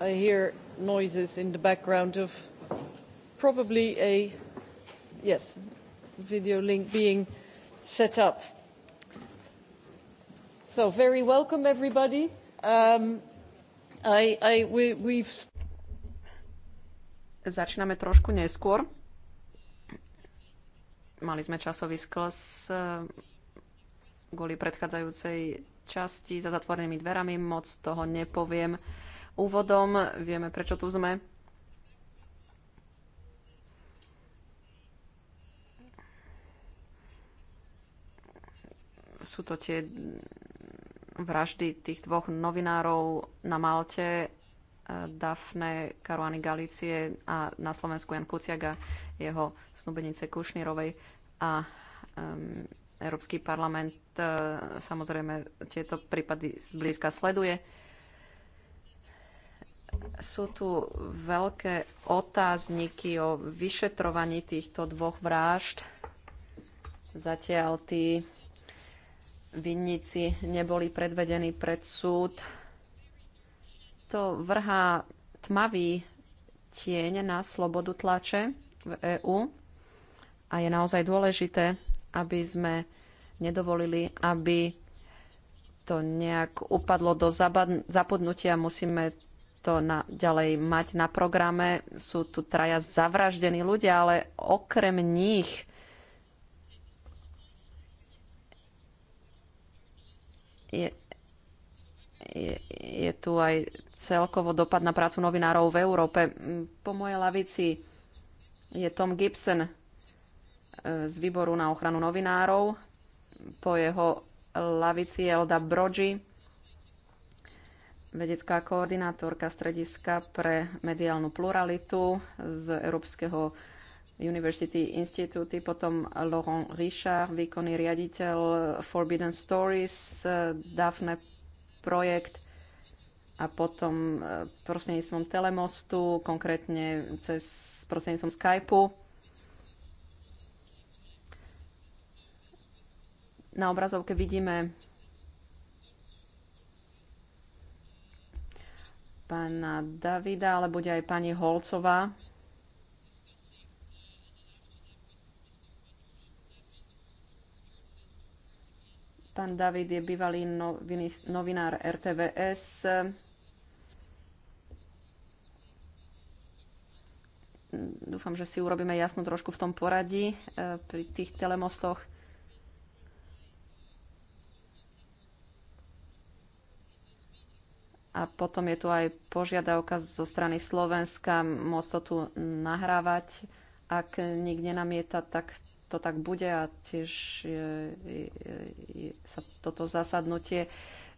I hear noises in the background of probably a yes video link being set up. So very welcome everybody. Um, I, I, we, we've... Začíname trošku neskôr. Mali sme časový skles eh, kvôli predchádzajúcej časti za zatvorenými dverami. Moc toho nepoviem úvodom. Vieme, prečo tu sme. Sú to tie vraždy tých dvoch novinárov na Malte, e, Dafne Karuany Galície a na Slovensku Jan Kuciaga, jeho snubenice Kušnírovej a um, Európsky parlament uh, samozrejme tieto prípady zblízka sleduje. Sú tu veľké otázniky o vyšetrovaní týchto dvoch vražd. Zatiaľ tí vinníci neboli predvedení pred súd. To vrhá tmavý tieň na slobodu tlače v EÚ a je naozaj dôležité, aby sme nedovolili, aby to nejak upadlo do zapadnutia. Musíme to na, ďalej mať na programe. Sú tu traja zavraždení ľudia, ale okrem nich je, je, je tu aj celkovo dopad na prácu novinárov v Európe. Po mojej lavici je Tom Gibson e, z výboru na ochranu novinárov. Po jeho lavici je Elda Brogy, vedecká koordinátorka Strediska pre mediálnu pluralitu z Európskeho University Institute, potom Laurent Richard, výkonný riaditeľ Forbidden Stories, Daphne projekt a potom eh, prostredníctvom Telemostu, konkrétne cez prostredníctvom Skypeu. Na obrazovke vidíme pána Davida, ale bude aj pani Holcová. Pán David je bývalý novinár RTVS. Dúfam, že si urobíme jasno trošku v tom poradí eh, pri tých telemostoch. A potom je tu aj požiadavka zo strany Slovenska môcť to tu nahrávať. Ak nik nenamieta, tak to tak bude a tiež je, je, je, sa toto zasadnutie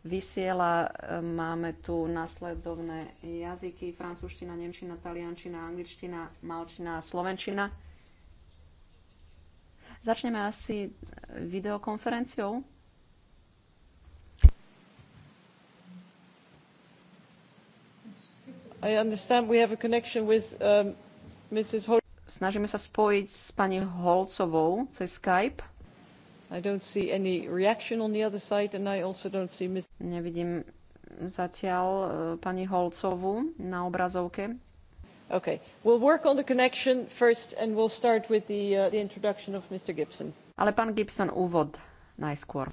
vysiela. Máme tu nasledovné jazyky. Francúzština, nemčina, taliančina, angličtina, malčina a slovenčina. Začneme asi videokonferenciou. Um, Snažíme sa spojiť s pani Holcovou cez Skype. I don't see any reaction on the other side and I also don't see Ms. Nevidím zatiaľ e, pani Holcovú na obrazovke. Okay. We'll work on the connection first and we'll start with the, uh, the introduction of Mr. Gibson. Ale pán Gibson úvod najskôr.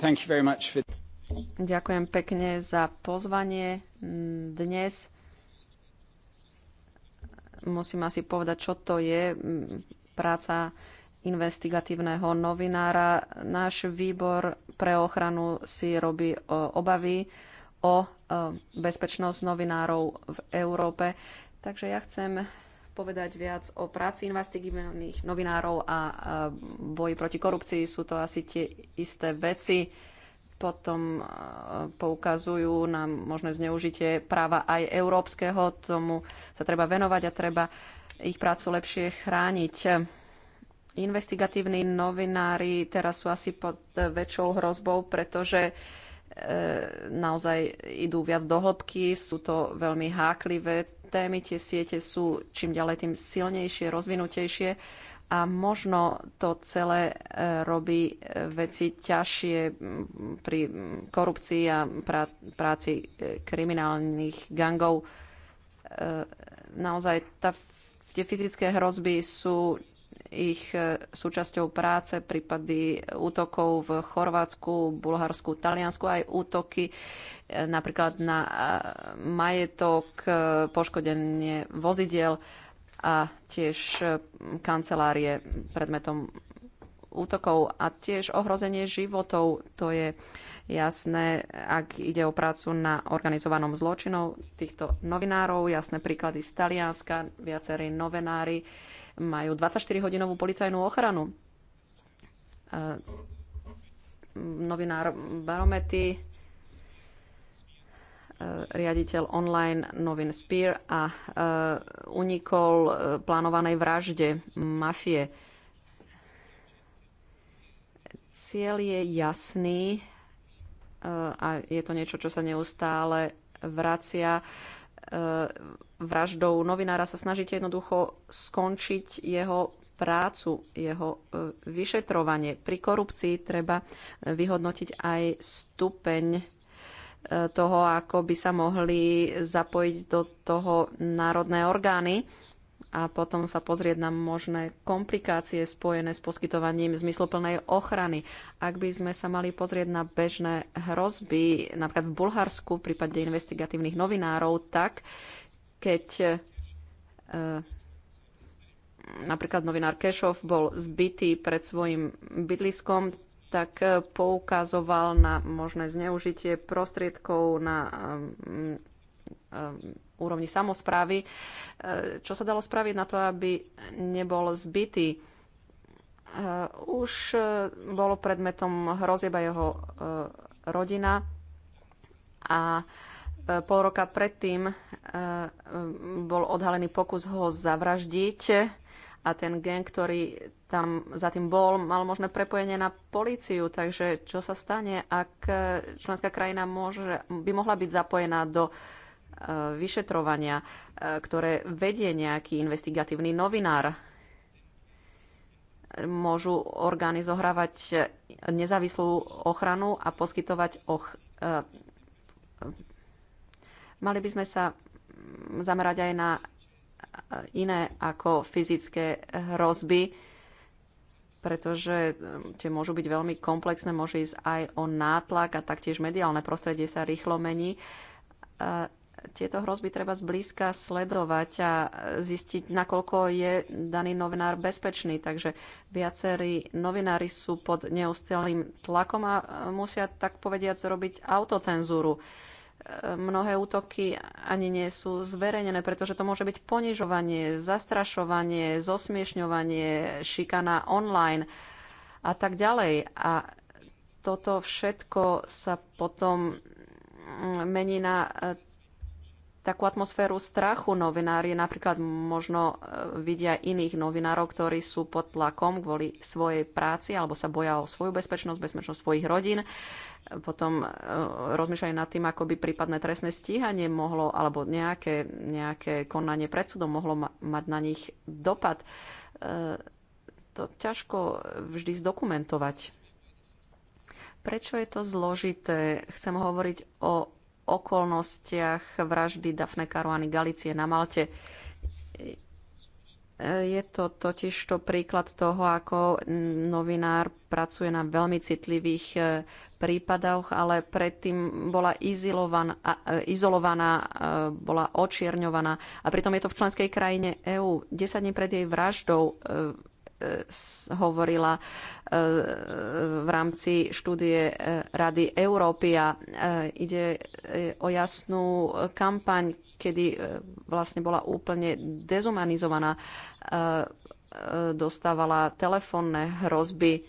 Thank you very much for... Ďakujem pekne za pozvanie dnes. Musím asi povedať, čo to je práca investigatívneho novinára. Náš výbor pre ochranu si robí e, obavy o e, bezpečnosť novinárov v Európe. Takže ja chcem povedať viac o práci investigatívnych novinárov a e, boji proti korupcii. Sú to asi tie isté veci potom e, poukazujú na možné zneužitie práva aj európskeho. Tomu sa treba venovať a treba ich prácu lepšie chrániť. Investigatívni novinári teraz sú asi pod väčšou hrozbou, pretože e, naozaj idú viac do hĺbky, sú to veľmi háklivé témy, tie siete sú čím ďalej tým silnejšie, rozvinutejšie a možno to celé e, robí e, veci ťažšie pri korupcii a práci e, kriminálnych gangov. Naozaj tá, tie fyzické hrozby sú ich súčasťou práce, prípady útokov v Chorvátsku, Bulharsku, Taliansku, aj útoky napríklad na majetok, poškodenie vozidiel a tiež e, kancelárie predmetom útokov a tiež ohrozenie životov. To je jasné, ak ide o prácu na organizovanom zločinov týchto novinárov. Jasné príklady z Talianska. Viacerí novinári majú 24-hodinovú policajnú ochranu. E, novinár Baromety E, riaditeľ online novin Spear a e, unikol e, plánovanej vražde mafie. Ciel je jasný a je to niečo, čo sa neustále vracia. Vraždou novinára sa snažíte jednoducho skončiť jeho prácu, jeho vyšetrovanie. Pri korupcii treba vyhodnotiť aj stupeň toho, ako by sa mohli zapojiť do toho národné orgány a potom sa pozrieť na možné komplikácie spojené s poskytovaním zmysloplnej ochrany. Ak by sme sa mali pozrieť na bežné hrozby, napríklad v Bulharsku v prípade investigatívnych novinárov, tak keď e, napríklad novinár Kešov bol zbytý pred svojim bydliskom, tak eh, poukazoval na možné zneužitie prostriedkov na um, um, úrovni samozprávy. Eh, čo sa dalo spraviť na to, aby nebol zbytý? Eh, už bolo predmetom hrozieba jeho rodina a pol roka predtým bol odhalený pokus ho zavraždiť a ten gen, ktorý tam za tým bol, mal možné prepojenie na políciu, takže čo sa stane, ak e, členská krajina môže, by mohla byť zapojená do e, vyšetrovania, e, ktoré vedie nejaký investigatívny novinár. Môžu orgány zohrávať nezávislú ochranu a poskytovať och... Mali by sme sa zamerať aj na iné ako fyzické hrozby pretože tie môžu byť veľmi komplexné, môže ísť aj o nátlak a taktiež mediálne prostredie sa rýchlo mení. E, tieto hrozby treba zblízka sledovať a e, zistiť, nakoľko je daný novinár bezpečný. Takže viacerí novinári sú pod neustelým tlakom a e, musia tak povediať zrobiť autocenzúru mnohé útoky ani nie sú zverejnené, pretože to môže byť ponižovanie, zastrašovanie, zosmiešňovanie, šikana online a tak ďalej. A toto všetko sa potom mm, mení na takú atmosféru strachu. Novinári napríklad možno e, vidia iných novinárov, ktorí sú pod tlakom kvôli svojej práci alebo sa boja o svoju bezpečnosť, bezpečnosť svojich rodín. Potom e, rozmýšľajú nad tým, ako by prípadné trestné stíhanie mohlo alebo nejaké, nejaké konanie pred súdom mohlo ma- mať na nich dopad. E, to ťažko vždy zdokumentovať. Prečo je to zložité? Chcem hovoriť o okolnostiach vraždy Dafne Karuany Galicie na Malte. Je to totiž to príklad toho, ako novinár pracuje na veľmi citlivých e, prípadoch, ale predtým bola e, izolovaná, e, bola očierňovaná. A pritom je to v členskej krajine EÚ. 10 dní pred jej vraždou hovorila e, v rámci štúdie e, Rady Európy a e, ide o jasnú kampaň, kedy vlastne bola úplne dezumanizovaná, dostávala telefónne hrozby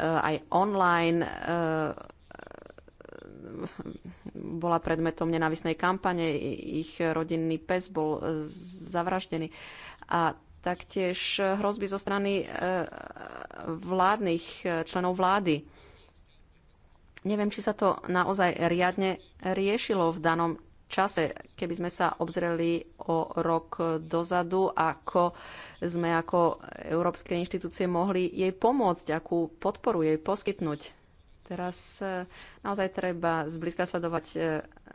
aj online, bola predmetom nenávisnej kampane, ich rodinný pes bol zavraždený. A taktiež eh, hrozby zo strany eh, vládnych eh, členov vlády. Neviem, či sa to naozaj riadne riešilo v danom čase, keby sme sa obzreli o rok dozadu, ako sme ako európske inštitúcie mohli jej pomôcť, akú podporu jej poskytnúť. Teraz e, naozaj treba zblízka sledovať e,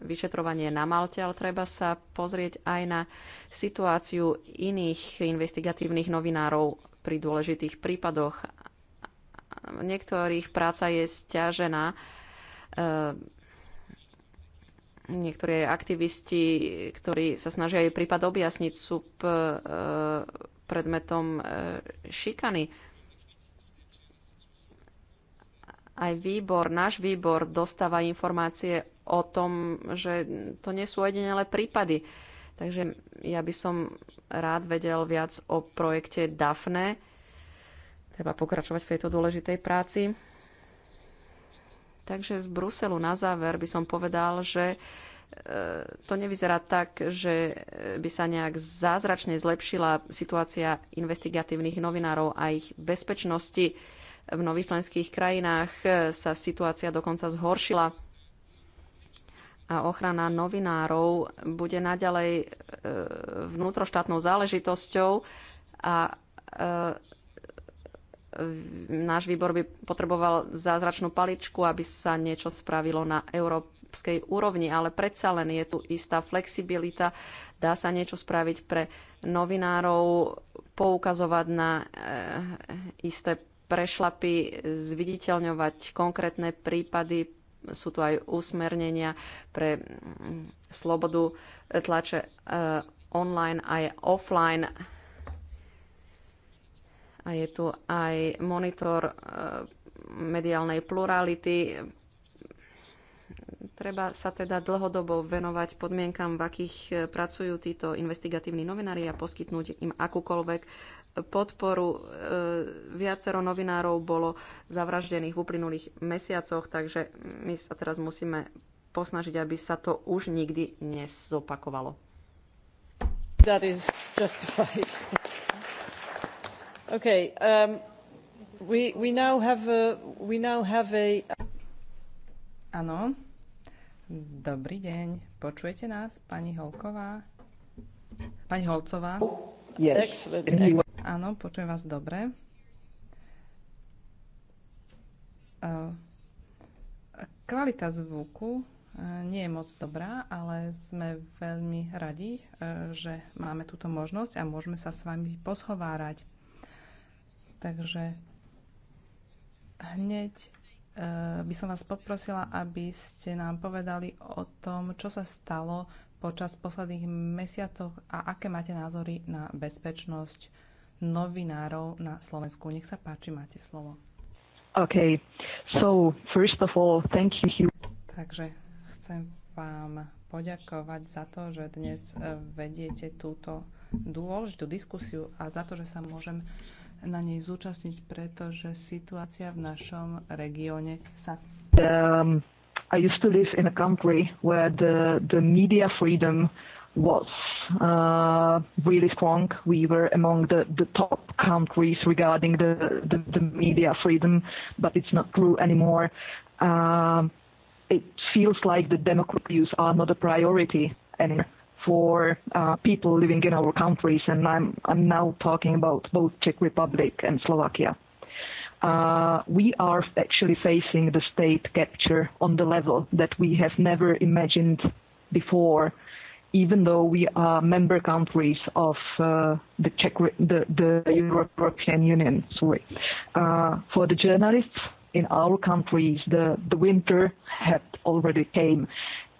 vyšetrovanie na Malte, ale treba sa pozrieť aj na situáciu iných investigatívnych novinárov pri dôležitých prípadoch. Niektorých práca je stiažená. E, niektorí aktivisti, ktorí sa snažia jej prípad objasniť, sú predmetom šikany aj výbor, náš výbor dostáva informácie o tom, že to nie sú ojedinelé prípady. Takže ja by som rád vedel viac o projekte DAFNE. Treba pokračovať v tejto dôležitej práci. Takže z Bruselu na záver by som povedal, že e, to nevyzerá tak, že by sa nejak zázračne zlepšila situácia investigatívnych novinárov a ich bezpečnosti v nových členských krajinách e, sa situácia dokonca zhoršila a ochrana novinárov bude naďalej e, vnútroštátnou záležitosťou a e, náš výbor by potreboval zázračnú paličku, aby sa niečo spravilo na európskej úrovni, ale predsa len je tu istá flexibilita, dá sa niečo spraviť pre novinárov, poukazovať na e, isté prešlapy zviditeľňovať konkrétne prípady. Sú tu aj usmernenia pre mm, slobodu tlače e, online aj offline. A je tu aj monitor e, mediálnej plurality. Treba sa teda dlhodobo venovať podmienkam, v akých e, pracujú títo investigatívni novinári a poskytnúť im akúkoľvek podporu. E, viacero novinárov bolo zavraždených v uplynulých mesiacoch, takže my sa teraz musíme posnažiť, aby sa to už nikdy nezopakovalo. That is justified. okay, um, we, we now have a, we now have a... Áno. Dobrý deň. Počujete nás, pani Holková? Pani Holcová? Yes. Excellent. Excellent. Áno, počujem vás dobre. Kvalita zvuku nie je moc dobrá, ale sme veľmi radi, že máme túto možnosť a môžeme sa s vami poshovárať. Takže hneď by som vás poprosila, aby ste nám povedali o tom, čo sa stalo počas posledných mesiacov a aké máte názory na bezpečnosť novinárov na Slovensku. Nech sa páči, máte slovo. OK. So, first of all, thank you. Takže chcem vám poďakovať za to, že dnes e, vediete túto dôležitú diskusiu a za to, že sa môžem na nej zúčastniť, pretože situácia v našom regióne sa... Um, I used to live in a country where the, the media freedom was uh, really strong. We were among the, the top countries regarding the, the, the media freedom, but it's not true anymore. Um, it feels like the democratic views are not a priority anymore for uh, people living in our countries, and I'm, I'm now talking about both Czech Republic and Slovakia. Uh, we are actually facing the state capture on the level that we have never imagined before even though we are member countries of uh, the, Czech, the, the European Union. Sorry. Uh, for the journalists in our countries, the, the winter had already came,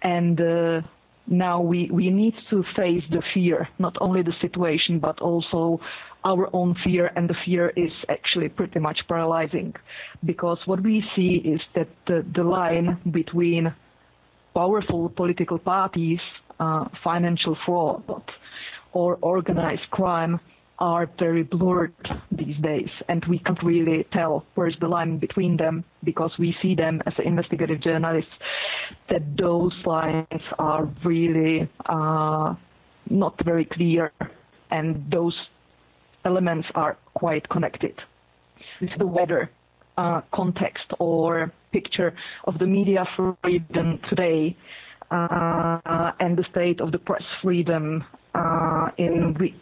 and uh, now we, we need to face the fear, not only the situation, but also our own fear, and the fear is actually pretty much paralyzing, because what we see is that the, the line between powerful political parties uh, financial fraud or organized crime are very blurred these days, and we can't really tell where's the line between them because we see them as investigative journalists that those lines are really uh, not very clear, and those elements are quite connected. It's the weather uh, context or picture of the media freedom today uh, and the state of the press freedom uh, in which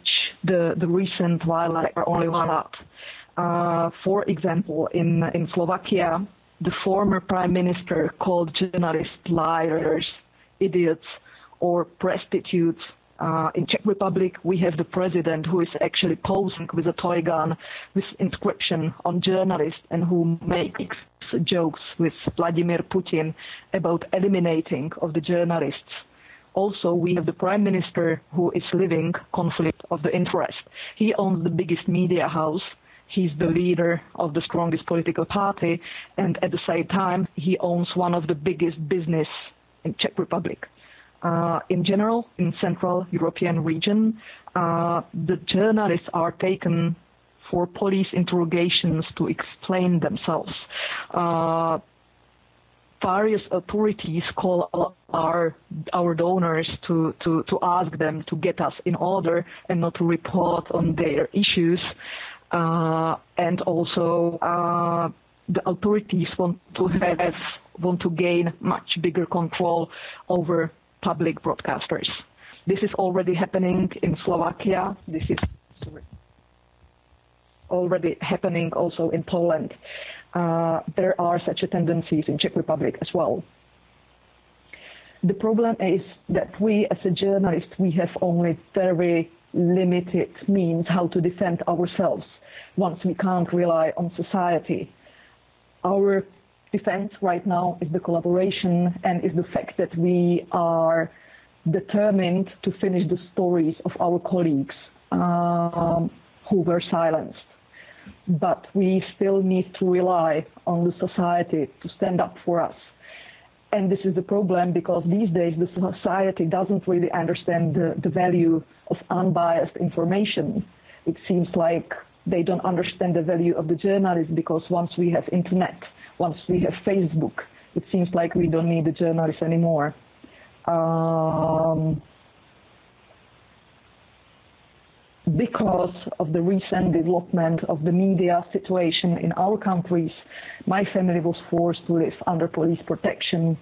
the, the recent violence are only one up. Uh, for example, in, in Slovakia, the former prime minister called journalists liars, idiots, or prostitutes Uh, in Czech Republic, we have the president who is actually posing with a toy gun with inscription on journalists and who makes jokes with Vladimir Putin about eliminating of the journalists. Also, we have the prime minister who is living conflict of the interest. He owns the biggest media house. He's the leader of the strongest political party, and at the same time, he owns one of the biggest business in Czech Republic uh in general, in Central European region, uh the journalists are taken for police interrogations to explain themselves. Uh, various authorities call our our donors to, to, to ask them to get us in order and not to report on their issues. Uh, and also uh, the authorities want to have want to gain much bigger control over public broadcasters. This is already happening in Slovakia. This is sorry, already happening also in Poland. Uh, there are such a tendencies in Czech Republic as well. The problem is that we as a journalist, we have only very limited means how to defend ourselves once we can't rely on society. Our defense right now is the collaboration and is the fact that we are determined to finish the stories of our colleagues um, who were silenced. But we still need to rely on the society to stand up for us. And this is the problem because these days the society doesn't really understand the, the value of unbiased information. It seems like they don't understand the value of the journalist because once we have internet, Once we have Facebook, it seems like we don't need the journalists anymore. Um, because of the recent development of the media situation in our countries, my family was forced to live under police protection.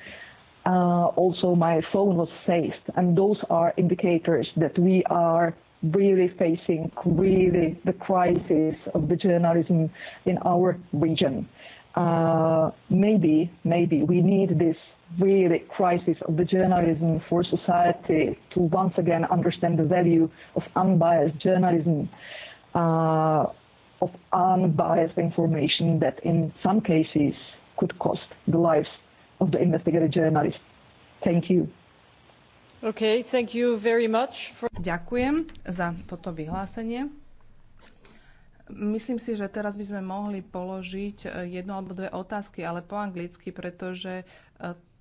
Uh, also, my phone was seized, and those are indicators that we are really facing really the crisis of the journalism in our region uh, maybe, maybe we need this really crisis of the journalism for society to once again understand the value of unbiased journalism, uh, of unbiased information that in some cases could cost the lives of the investigative journalists. Thank you. Okay, thank you very much for... Ďakujem za toto vyhlásenie. Myslím si, že teraz by sme mohli položiť e, jednu alebo dve otázky, ale po anglicky, pretože e,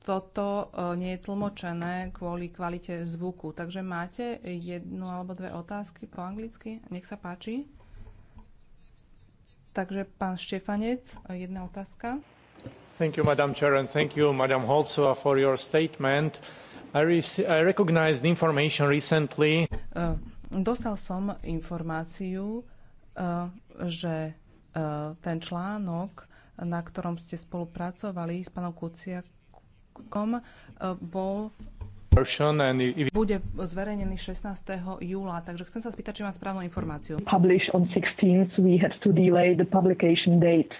toto e, nie je tlmočené kvôli kvalite zvuku. Takže máte jednu alebo dve otázky po anglicky? Nech sa páči. Takže pán Štefanec, jedna otázka. Thank you, Madam Chair, and thank you, Madam Holcova, for your statement. I, I recognized information recently. Dostal som informáciu, Eh, že eh, ten článok, na ktorom ste spolupracovali s pánom Kuciakom, eh, bol bude zverejnený 16. júla, takže chcem sa spýtať, či mám správnu informáciu. Publish on 16 we had to delay the publication date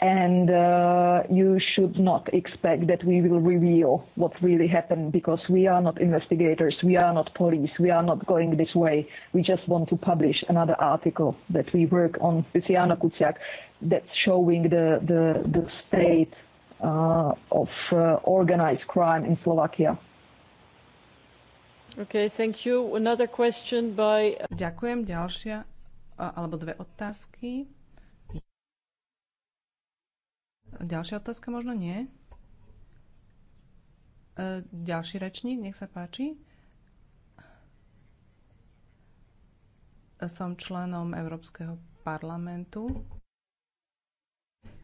and uh, you should not expect that we will reveal what really happened because we are not investigators, we are not police, we are not going this way. We just want to publish another article that we work on with Jana Kuciak that's showing the, the, the state uh, of uh, organized crime in Slovakia. Okay, thank you. Another question by... Uh, Ďakujem. Ďalšia, alebo dve otázky Ďalšia otázka možno nie. E, ďalší rečník, nech sa páči. Som členom Európskeho parlamentu.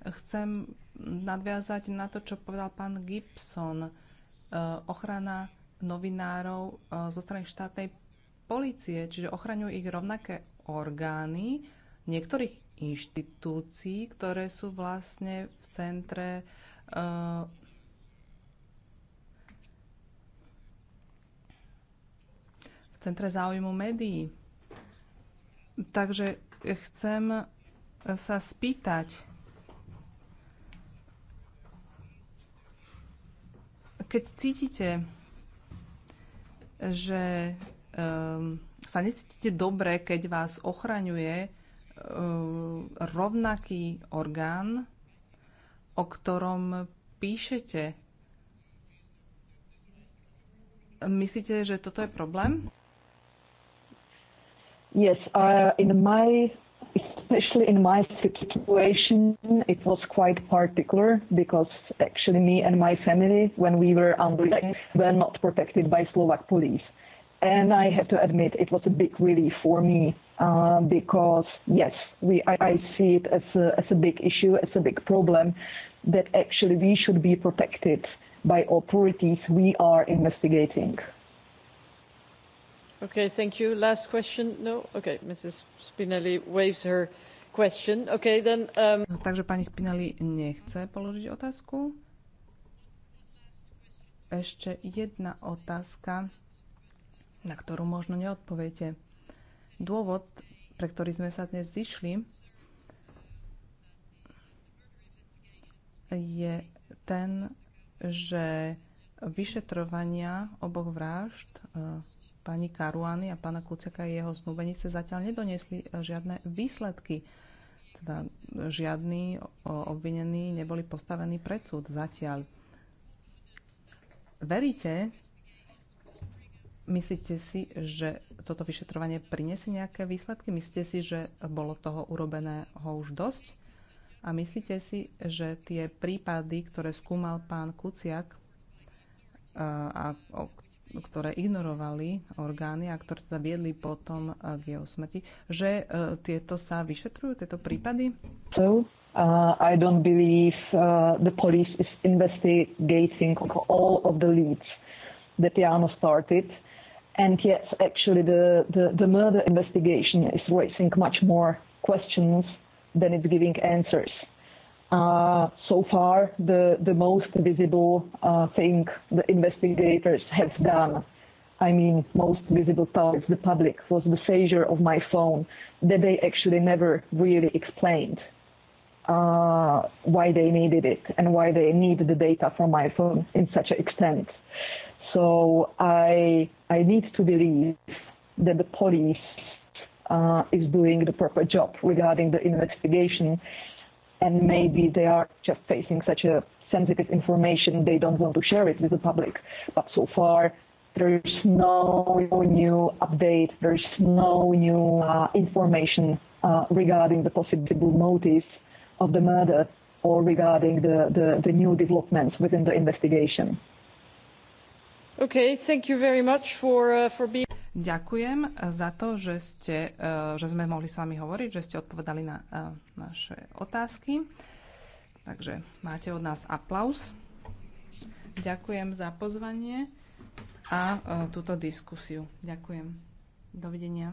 Chcem nadviazať na to, čo povedal pán Gibson. E, ochrana novinárov e, zo strany štátnej policie, čiže ochraňujú ich rovnaké orgány. V niektorých inštitúcií, ktoré sú vlastne v centre eh, v centre záujmu médií. Takže chcem sa spýtať, keď cítite, že um, sa necítite dobre, keď vás ochraňuje E, rovnaký orgán, o ktorom píšete. Myslíte, že toto je problém? Yes, uh, in my especially in my situation, it was quite particular because actually me and my family, when we were under, were not protected by Slovak police. And I have to admit, it was a big relief for me uh, because, yes, we, I, I see it as a, as a big issue, as a big problem, that actually we should be protected by authorities we are investigating. Okay, thank you. Last question? No? Okay, Mrs. Spinelli waves her question. Okay, then... Um... No, takže pani Spinelli nechce položiť otázku. Ešte jedna otázka na ktorú možno neodpoviete. Dôvod, pre ktorý sme sa dnes zišli, je ten, že vyšetrovania oboch vražd e, pani Karuany a pána Kuciaka a jeho snúbenice zatiaľ nedoniesli e, žiadne výsledky. Teda žiadny obvinení neboli postavení pred súd zatiaľ. Veríte Myslíte si, že toto vyšetrovanie prinesie nejaké výsledky? Myslíte si, že bolo toho urobeného už dosť? A myslíte si, že tie prípady, ktoré skúmal pán Kuciak e, a, ktoré ignorovali orgány a ktoré teda viedli potom e, k jeho smrti, že e, tieto sa vyšetrujú, tieto prípady? So, uh, I don't believe uh, the police is investigating all of the leads that Jano started. And yet, actually, the, the, the murder investigation is raising much more questions than it's giving answers. Uh, so far, the, the most visible uh, thing the investigators have done, I mean, most visible towards the public, was the seizure of my phone that they actually never really explained uh, why they needed it and why they need the data from my phone in such an extent. So I, I need to believe that the police uh, is doing the proper job regarding the investigation, and maybe they are just facing such a sensitive information they don't want to share it with the public. But so far, there is no new update, there is no new uh, information uh, regarding the possible motives of the murder or regarding the, the, the new developments within the investigation. Okay, thank you very much for, uh, for being... Ďakujem uh, za to, že, ste, uh, že sme mohli s vami hovoriť, že ste odpovedali na uh, naše otázky. Takže máte od nás aplaus. Ďakujem za pozvanie a uh, túto diskusiu. Ďakujem. Dovidenia.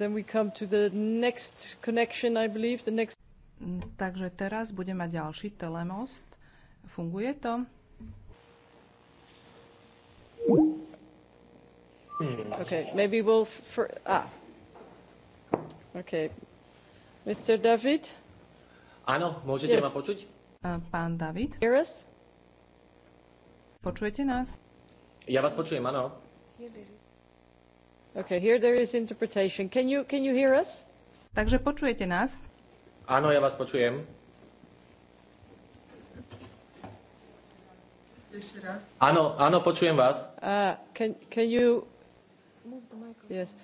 Then we come to the next connection, I believe, the next Mm, takže teraz bude mať ďalší telemost. Funguje to? OK, maybe we'll... For, ah. OK. Mr. David? Áno, môžete yes. ma počuť? Pán David? Hear us? Počujete nás? Ja vás počujem, áno. Okay, here there is interpretation. Can you, can you hear us? Takže počujete nás? Áno, ja vás počujem. Áno, áno, počujem vás. Uh, can, can you... Yes.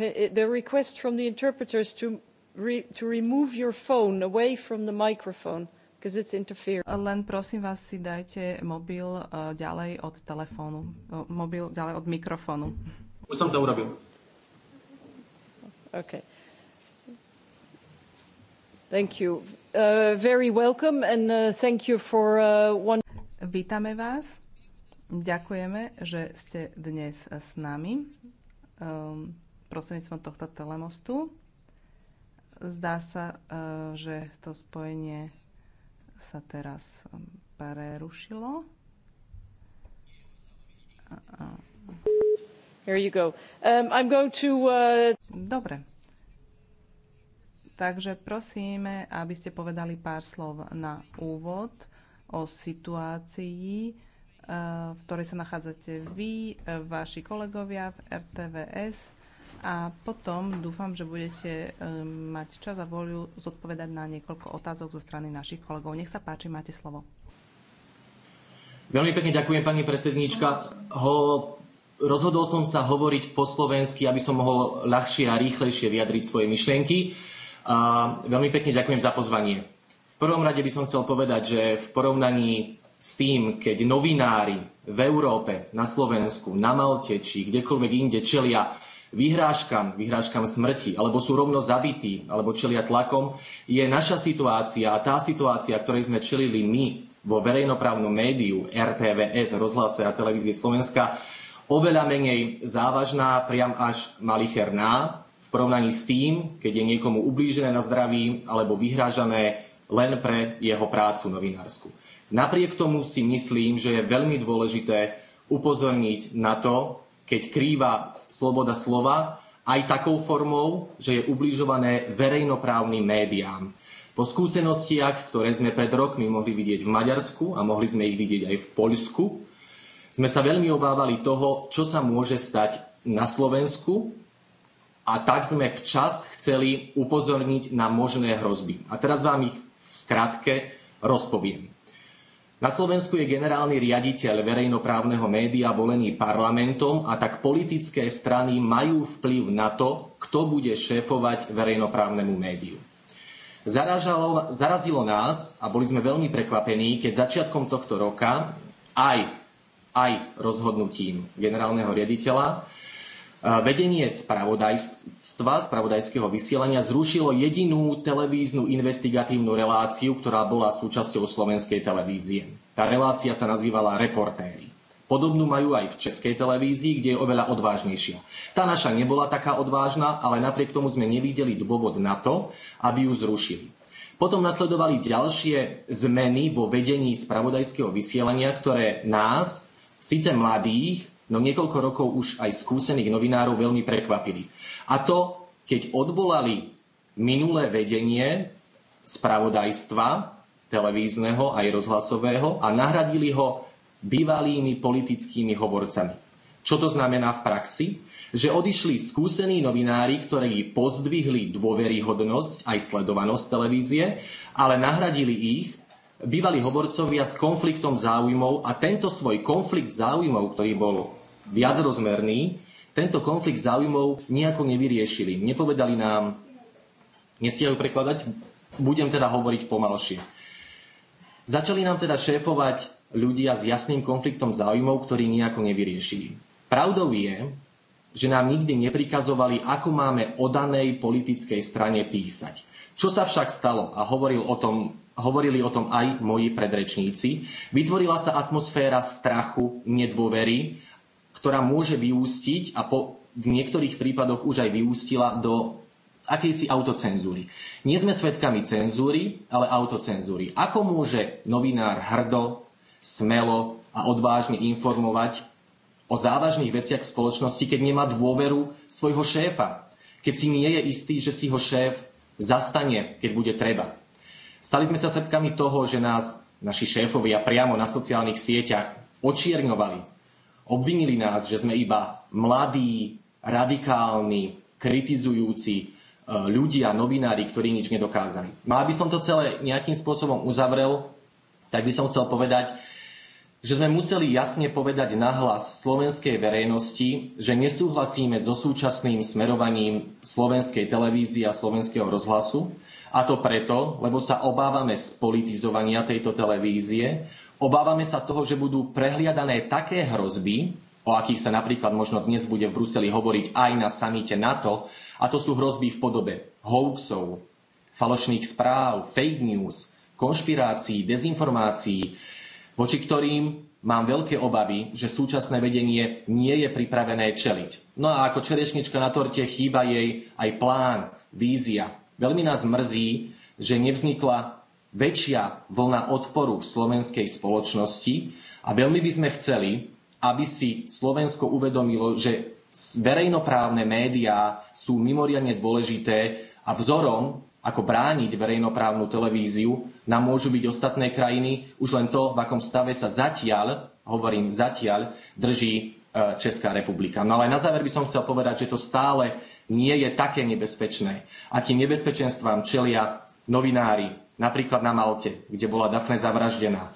Eh, the request from the interpreters to, re, to remove your phone away from the microphone because it's interfering. Len prosím vás si dajte mobil uh, ďalej od telefónu, uh, mobil ďalej od mikrofónu. Už som to urobil. Okay. Uh, uh, uh, Vítame vás. Ďakujeme, že ste dnes s nami um, prostredníctvom tohto telemostu. Zdá sa, uh, že to spojenie sa teraz um, prerušilo. Here you go. Um, I'm going to, uh... Dobre. Takže prosíme, aby ste povedali pár slov na úvod o situácii, eh, v ktorej sa nachádzate vy, eh, vaši kolegovia v RTVS a potom dúfam, že budete eh, mať čas a voľu zodpovedať na niekoľko otázok zo strany našich kolegov. Nech sa páči, máte slovo. Veľmi pekne ďakujem, pani predsedníčka. Ho, rozhodol som sa hovoriť po slovensky, aby som mohol ľahšie a rýchlejšie vyjadriť svoje myšlienky. A veľmi pekne ďakujem za pozvanie. V prvom rade by som chcel povedať, že v porovnaní s tým, keď novinári v Európe, na Slovensku, na Malte či kdekoľvek inde čelia vyhrážkam, vyhrážkam smrti, alebo sú rovno zabití, alebo čelia tlakom, je naša situácia a tá situácia, ktorej sme čelili my vo verejnoprávnom médiu RTVS, rozhlase a televízie Slovenska, oveľa menej závažná, priam až malicherná porovnaní s tým, keď je niekomu ublížené na zdraví alebo vyhrážané len pre jeho prácu novinársku. Napriek tomu si myslím, že je veľmi dôležité upozorniť na to, keď krýva sloboda slova aj takou formou, že je ubližované verejnoprávnym médiám. Po skúsenostiach, ktoré sme pred rokmi mohli vidieť v Maďarsku a mohli sme ich vidieť aj v Poľsku, sme sa veľmi obávali toho, čo sa môže stať na Slovensku, a tak sme včas chceli upozorniť na možné hrozby. A teraz vám ich v skratke rozpoviem. Na Slovensku je generálny riaditeľ verejnoprávneho média volený parlamentom a tak politické strany majú vplyv na to, kto bude šéfovať verejnoprávnemu médiu. Zaražalo, zarazilo nás a boli sme veľmi prekvapení, keď začiatkom tohto roka aj, aj rozhodnutím generálneho riaditeľa E, vedenie spravodajstva, spravodajského vysielania zrušilo jedinú televíznu investigatívnu reláciu, ktorá bola súčasťou slovenskej televízie. Tá relácia sa nazývala Reportéry. Podobnú majú aj v českej televízii, kde je oveľa odvážnejšia. Tá naša nebola taká odvážna, ale napriek tomu sme nevideli dôvod na to, aby ju zrušili. Potom nasledovali ďalšie zmeny vo vedení spravodajského vysielania, ktoré nás, síce mladých, no niekoľko rokov už aj skúsených novinárov veľmi prekvapili. A to, keď odvolali minulé vedenie spravodajstva televízneho aj rozhlasového a nahradili ho bývalými politickými hovorcami. Čo to znamená v praxi? Že odišli skúsení novinári, ktorí pozdvihli dôveryhodnosť aj sledovanosť televízie, ale nahradili ich bývali hovorcovia s konfliktom záujmov a tento svoj konflikt záujmov, ktorý bol viacrozmerný, tento konflikt záujmov nejako nevyriešili. Nepovedali nám, nestiajú prekladať, budem teda hovoriť pomalšie. Začali nám teda šéfovať ľudia s jasným konfliktom záujmov, ktorý nejako nevyriešili. Pravdou je, že nám nikdy neprikazovali, ako máme o danej politickej strane písať. Čo sa však stalo, a hovoril o tom, hovorili o tom aj moji predrečníci, vytvorila sa atmosféra strachu, nedôvery, ktorá môže vyústiť a po, v niektorých prípadoch už aj vyústila do akejsi autocenzúry. Nie sme svedkami cenzúry, ale autocenzúry. Ako môže novinár hrdo, smelo a odvážne informovať o závažných veciach v spoločnosti, keď nemá dôveru svojho šéfa, keď si nie je istý, že si ho šéf zastane, keď bude treba. Stali sme sa svedkami toho, že nás naši šéfovia priamo na sociálnych sieťach očierňovali, Obvinili nás, že sme iba mladí, radikálni, kritizujúci e, ľudia, novinári, ktorí nič nedokázali. No aby som to celé nejakým spôsobom uzavrel, tak by som chcel povedať, že sme museli jasne povedať nahlas slovenskej verejnosti, že nesúhlasíme so súčasným smerovaním slovenskej televízie a slovenského rozhlasu. A to preto, lebo sa obávame spolitizovania tejto televízie, Obávame sa toho, že budú prehliadané také hrozby, o akých sa napríklad možno dnes bude v Bruseli hovoriť aj na samite NATO, a to sú hrozby v podobe hoaxov, falošných správ, fake news, konšpirácií, dezinformácií, voči ktorým mám veľké obavy, že súčasné vedenie nie je pripravené čeliť. No a ako čerešnička na torte chýba jej aj plán, vízia. Veľmi nás mrzí, že nevznikla väčšia vlna odporu v slovenskej spoločnosti a veľmi by sme chceli, aby si Slovensko uvedomilo, že verejnoprávne médiá sú mimoriadne dôležité a vzorom, ako brániť verejnoprávnu televíziu, nám môžu byť ostatné krajiny. Už len to, v akom stave sa zatiaľ, hovorím zatiaľ, drží e, Česká republika. No ale na záver by som chcel povedať, že to stále nie je také nebezpečné. Akým nebezpečenstvám čelia novinári, Napríklad na Malte, kde bola Dafne zavraždená.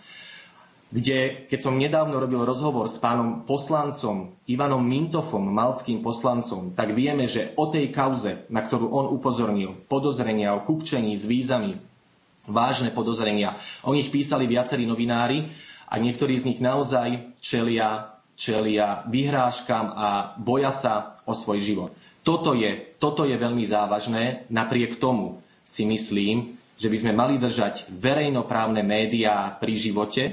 Kde, keď som nedávno robil rozhovor s pánom poslancom Ivanom Mintofom, malckým poslancom, tak vieme, že o tej kauze, na ktorú on upozornil, podozrenia o kupčení s vízami, vážne podozrenia, o nich písali viacerí novinári a niektorí z nich naozaj čelia čelia vyhrážkam a boja sa o svoj život. Toto je, toto je veľmi závažné, napriek tomu si myslím, že by sme mali držať verejnoprávne médiá pri živote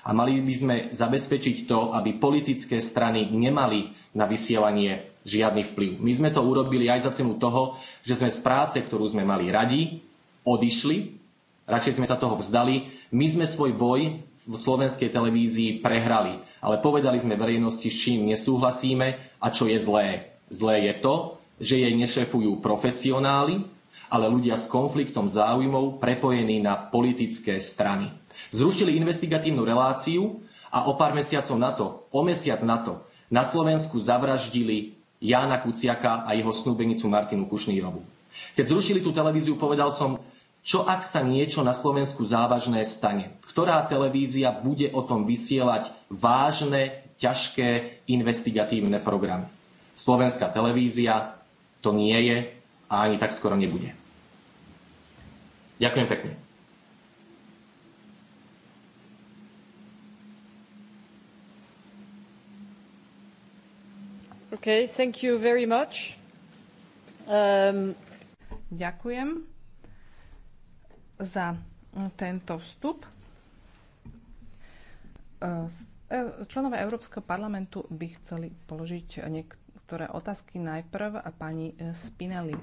a mali by sme zabezpečiť to, aby politické strany nemali na vysielanie žiadny vplyv. My sme to urobili aj za cenu toho, že sme z práce, ktorú sme mali radi, odišli, radšej sme sa toho vzdali. My sme svoj boj v slovenskej televízii prehrali, ale povedali sme verejnosti, s čím nesúhlasíme a čo je zlé. Zlé je to, že jej nešefujú profesionáli, ale ľudia s konfliktom záujmov prepojení na politické strany. Zrušili investigatívnu reláciu a o pár mesiacov na to, o mesiac na to, na Slovensku zavraždili Jána Kuciaka a jeho snúbenicu Martinu Kušnírovu. Keď zrušili tú televíziu, povedal som, čo ak sa niečo na Slovensku závažné stane? Ktorá televízia bude o tom vysielať vážne, ťažké investigatívne programy? Slovenská televízia to nie je a ani tak skoro nebude. Ďakujem pekne. Okay, thank you very much. Um... Ďakujem za tento vstup. E, členové Európskeho parlamentu by chceli položiť niektoré otázky najprv a pani Spinelli.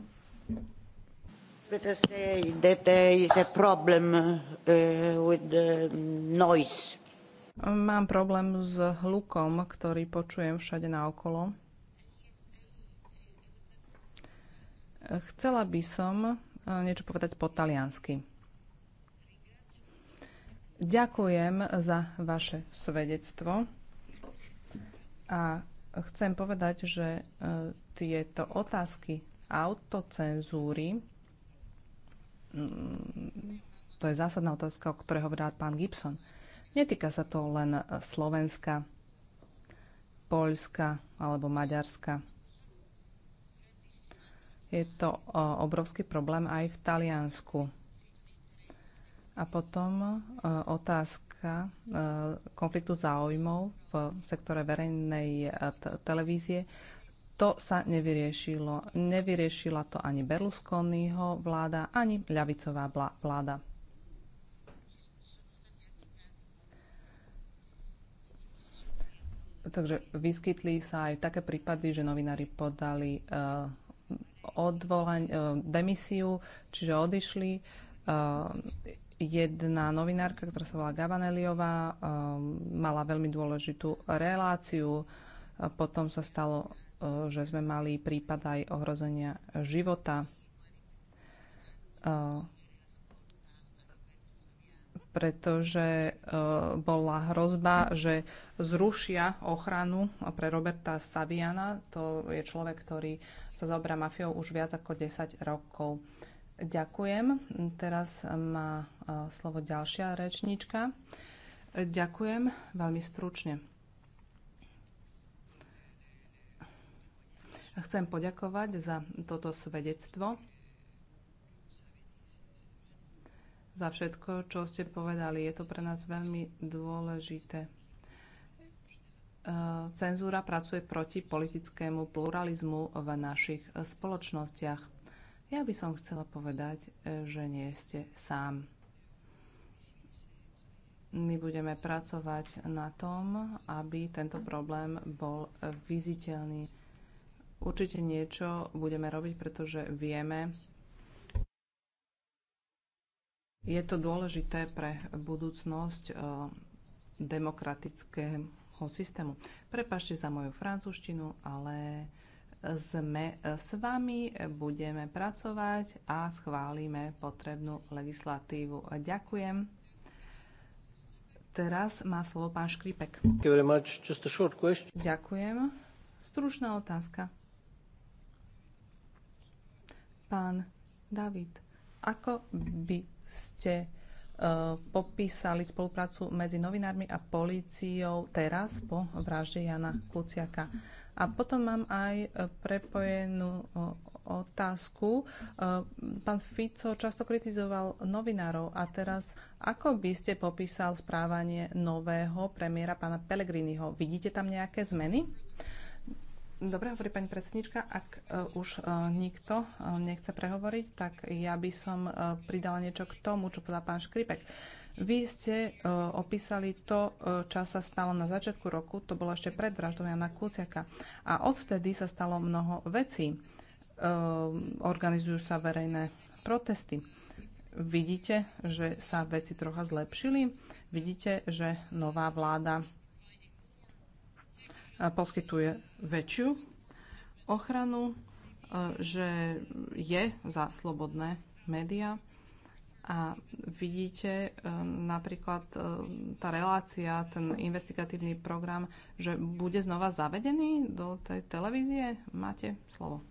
Let us say that there is a problem uh, with the noise. Mám problém s hlukom, ktorý počujem všade naokolo. Chcela by som uh, niečo povedať po taliansky. Ďakujem za vaše svedectvo a chcem povedať, že uh, tieto otázky autocenzúry Mm, to je zásadná otázka, o ktorej hovorí pán Gibson. Netýka sa to len e, Slovenska, Poľska alebo Maďarska. Je to e, obrovský problém aj v Taliansku. A potom e, otázka konfliktu záujmov v sektore verejnej televízie to sa nevyriešilo. Nevyriešila to ani Berlusconiho vláda, ani ľavicová vláda. Takže vyskytli sa aj také prípady, že novinári podali uh, eh, odvolaň, uh, eh, demisiu, čiže odišli. Uh, jedna novinárka, ktorá sa volá Gavaneliová, mala veľmi dôležitú reláciu. Potom sa stalo že sme mali prípad aj ohrozenia života. E, pretože e, bola hrozba, že zrušia ochranu pre Roberta Saviana. To je človek, ktorý sa zaoberá mafiou už viac ako 10 rokov. Ďakujem. Teraz má e, slovo ďalšia rečníčka. Ďakujem veľmi stručne. Chcem poďakovať za toto svedectvo, za všetko, čo ste povedali. Je to pre nás veľmi dôležité. E, cenzúra pracuje proti politickému pluralizmu v našich spoločnostiach. Ja by som chcela povedať, e, že nie ste sám. My budeme pracovať na tom, aby tento problém bol e, viziteľný Určite niečo budeme robiť, pretože vieme, je to dôležité pre budúcnosť eh, demokratického systému. Prepašte za moju francúzštinu, ale sme s vami, budeme pracovať a schválime potrebnú legislatívu. Ďakujem. Teraz má slovo pán Škripek. Ďakujem. Stručná otázka. Pán David, ako by ste e, popísali spoluprácu medzi novinármi a políciou teraz po vražde Jana Kuciaka? A potom mám aj e, prepojenú otázku. E, pán Fico často kritizoval novinárov a teraz ako by ste popísal správanie nového premiéra pána Pelegriniho? Vidíte tam nejaké zmeny? Dobre, hovorí pani predsednička, ak e, už e, nikto e, nechce prehovoriť, tak ja by som pridala niečo k tomu, čo povedal pán Škripek. Vy ste uh, opísali to, uh, čo sa stalo na začiatku roku, to bolo ešte pred vraždou Jana Kuciaka. A odvtedy sa stalo mnoho vecí. Uh, organizujú sa verejné protesty. Vidíte, že sa veci trocha zlepšili. Vidíte, že nová vláda poskytuje väčšiu ochranu, e, že je za slobodné médiá. A vidíte e, napríklad e, tá relácia, ten investigatívny program, že bude znova zavedený do tej televízie? Máte slovo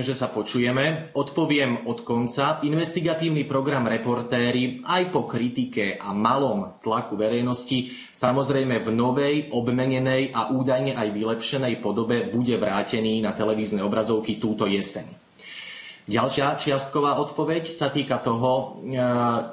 že sa počujeme. Odpoviem od konca. Investigatívny program Reportéry aj po kritike a malom tlaku verejnosti samozrejme v novej, obmenenej a údajne aj vylepšenej podobe bude vrátený na televízne obrazovky túto jeseň. Ďalšia čiastková odpoveď sa týka toho, e,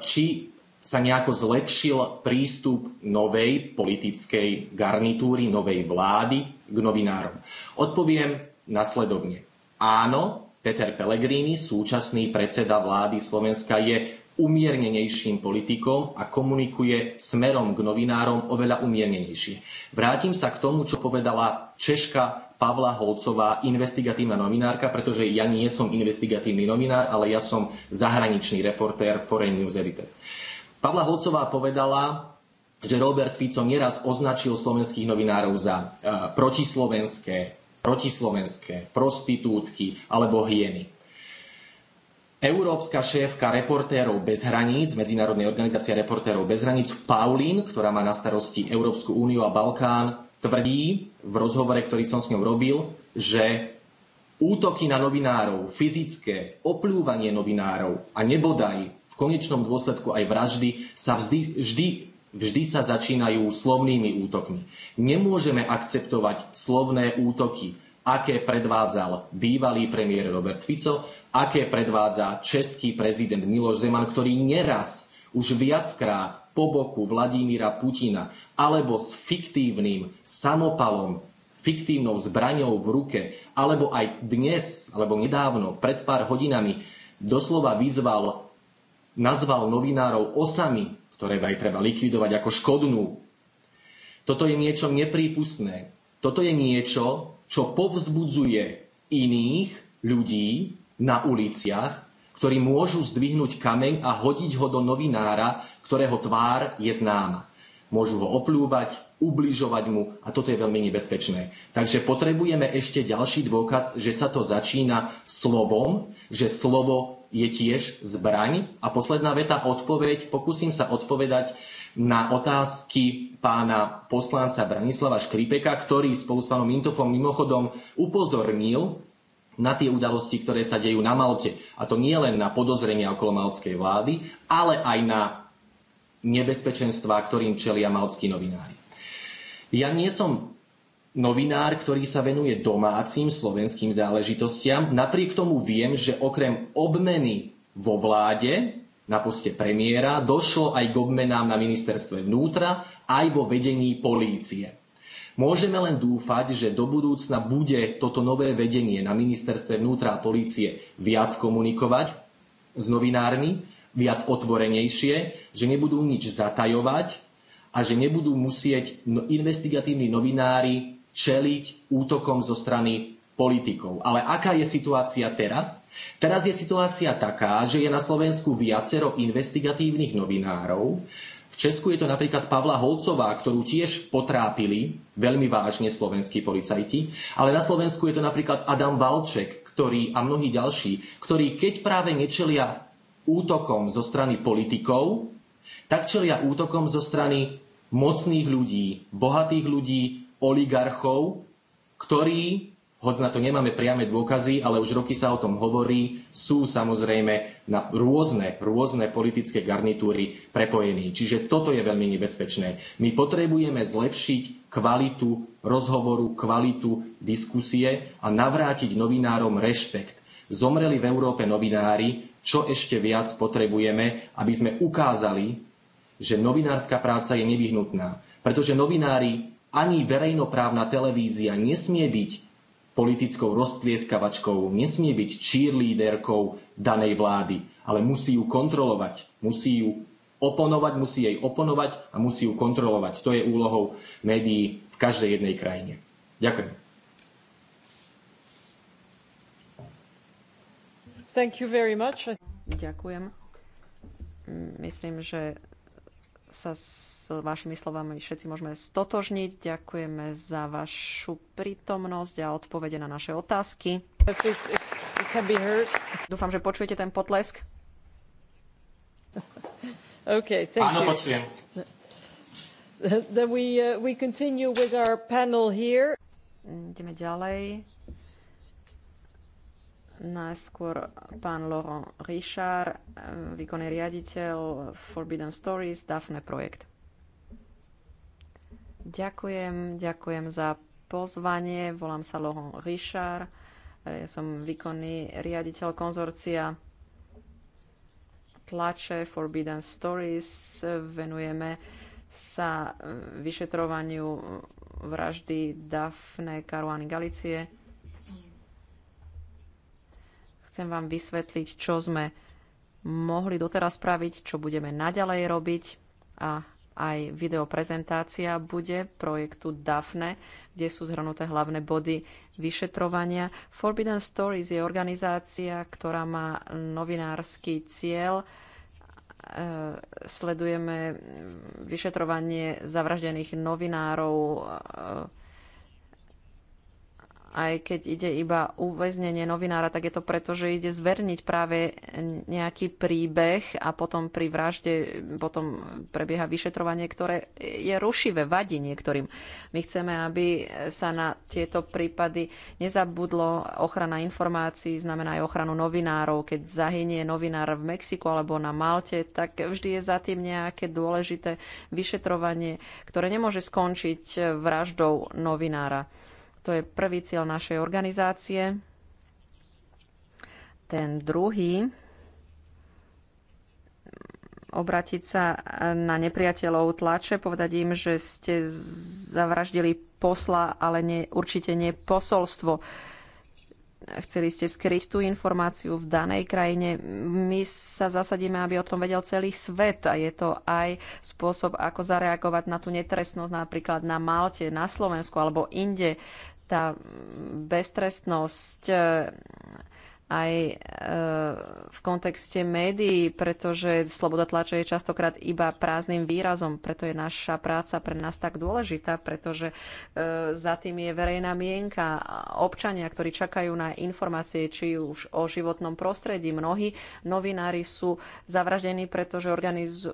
či sa nejako zlepšil prístup novej politickej garnitúry, novej vlády k novinárom. Odpoviem nasledovne Áno, Peter Pellegrini, súčasný predseda vlády Slovenska, je umiernenejším politikom a komunikuje smerom k novinárom oveľa umiernenejšie. Vrátim sa k tomu, čo povedala Češka Pavla Holcová, investigatívna novinárka, pretože ja nie som investigatívny novinár, ale ja som zahraničný reportér Foreign News Editor. Pavla Holcová povedala, že Robert Fico nieraz označil slovenských novinárov za eh, protislovenské, protislovenské, prostitútky alebo hieny. Európska šéfka reportérov bez hraníc, Medzinárodnej organizácie reportérov bez hraníc, Paulín, ktorá má na starosti Európsku úniu a Balkán, tvrdí v rozhovore, ktorý som s ňou robil, že útoky na novinárov, fyzické, oplúvanie novinárov a nebodaj v konečnom dôsledku aj vraždy sa vždy vždy sa začínajú slovnými útokmi. Nemôžeme akceptovať slovné útoky, aké predvádzal bývalý premiér Robert Fico, aké predvádza český prezident Miloš Zeman, ktorý neraz už viackrát po boku Vladimíra Putina alebo s fiktívnym samopalom, fiktívnou zbraňou v ruke, alebo aj dnes, alebo nedávno, pred pár hodinami, doslova vyzval, nazval novinárov osami ktoré vraj treba likvidovať ako škodnú. Toto je niečo neprípustné. Toto je niečo, čo povzbudzuje iných ľudí na uliciach, ktorí môžu zdvihnúť kameň a hodiť ho do novinára, ktorého tvár je známa. Môžu ho oplúvať, ubližovať mu a toto je veľmi nebezpečné. Takže potrebujeme ešte ďalší dôkaz, že sa to začína slovom, že slovo je tiež zbraň. A posledná veta, odpoveď. Pokúsim sa odpovedať na otázky pána poslanca Branislava Škripeka, ktorý spolu s pánom Intofom mimochodom upozornil na tie udalosti, ktoré sa dejú na Malte. A to nie len na podozrenia okolo maltskej vlády, ale aj na nebezpečenstvá, ktorým čelia maltskí novinári. Ja nie som novinár, ktorý sa venuje domácim slovenským záležitostiam. Napriek tomu viem, že okrem obmeny vo vláde na poste premiéra došlo aj k obmenám na ministerstve vnútra, aj vo vedení polície. Môžeme len dúfať, že do budúcna bude toto nové vedenie na ministerstve vnútra a polície viac komunikovať s novinármi, viac otvorenejšie, že nebudú nič zatajovať a že nebudú musieť no, investigatívni novinári čeliť útokom zo strany politikov. Ale aká je situácia teraz? Teraz je situácia taká, že je na Slovensku viacero investigatívnych novinárov. V Česku je to napríklad Pavla Holcová, ktorú tiež potrápili veľmi vážne slovenskí policajti. Ale na Slovensku je to napríklad Adam Valček, ktorý, a mnohí ďalší, ktorí keď práve nečelia útokom zo strany politikov, tak čelia útokom zo strany mocných ľudí, bohatých ľudí, oligarchov, ktorí, hoď na to nemáme priame dôkazy, ale už roky sa o tom hovorí, sú samozrejme na rôzne, rôzne politické garnitúry prepojení. Čiže toto je veľmi nebezpečné. My potrebujeme zlepšiť kvalitu rozhovoru, kvalitu diskusie a navrátiť novinárom rešpekt. Zomreli v Európe novinári, čo ešte viac potrebujeme, aby sme ukázali, že novinárska práca je nevyhnutná. Pretože novinári ani verejnoprávna televízia nesmie byť politickou roztvieskavačkou, nesmie byť cheerleaderkou danej vlády, ale musí ju kontrolovať, musí ju oponovať, musí jej oponovať a musí ju kontrolovať. To je úlohou médií v každej jednej krajine. Ďakujem. Thank you very much. Ďakujem. Myslím, že sa s vašimi slovami všetci môžeme stotožniť. Ďakujeme za vašu prítomnosť a odpovede na naše otázky. Dúfam, že počujete ten potlesk. Okay, thank Áno, počujem. Then we, uh, we continue with our panel here. Ideme ďalej Najskôr pán Laurent Richard, eh, výkonný riaditeľ Forbidden Stories, DAFNE projekt. Ďakujem, ďakujem za pozvanie. Volám sa Laurent Richard. Eh, ja som výkonný riaditeľ konzorcia tlače Forbidden Stories. Venujeme sa eh, vyšetrovaniu vraždy Dafne Karuany Galicie Chcem vám vysvetliť, čo sme mohli doteraz spraviť, čo budeme naďalej robiť a aj videoprezentácia bude projektu DAFNE, kde sú zhrnuté hlavné body vyšetrovania. Forbidden Stories je organizácia, ktorá má novinársky cieľ. E, sledujeme vyšetrovanie zavraždených novinárov, e, aj keď ide iba uväznenie novinára, tak je to preto, že ide zverniť práve nejaký príbeh a potom pri vražde potom prebieha vyšetrovanie, ktoré je rušivé, vadí niektorým. My chceme, aby sa na tieto prípady nezabudlo ochrana informácií, znamená aj ochranu novinárov. Keď zahynie novinár v Mexiku alebo na Malte, tak vždy je za tým nejaké dôležité vyšetrovanie, ktoré nemôže skončiť vraždou novinára. To je prvý cieľ našej organizácie. Ten druhý, obratiť sa na nepriateľov tlače, povedať im, že ste zavraždili posla, ale nie, určite nie posolstvo. Chceli ste skryť tú informáciu v danej krajine. My sa zasadíme, aby o tom vedel celý svet a je to aj spôsob, ako zareagovať na tú netresnosť napríklad na Malte, na Slovensku alebo inde tá beztrestnosť eh, aj eh, v kontexte médií, pretože sloboda tlače je častokrát iba prázdnym výrazom, preto je naša práca pre nás tak dôležitá, pretože eh, za tým je verejná mienka. Občania, ktorí čakajú na informácie, či už o životnom prostredí, mnohí novinári sú zavraždení, pretože organiz-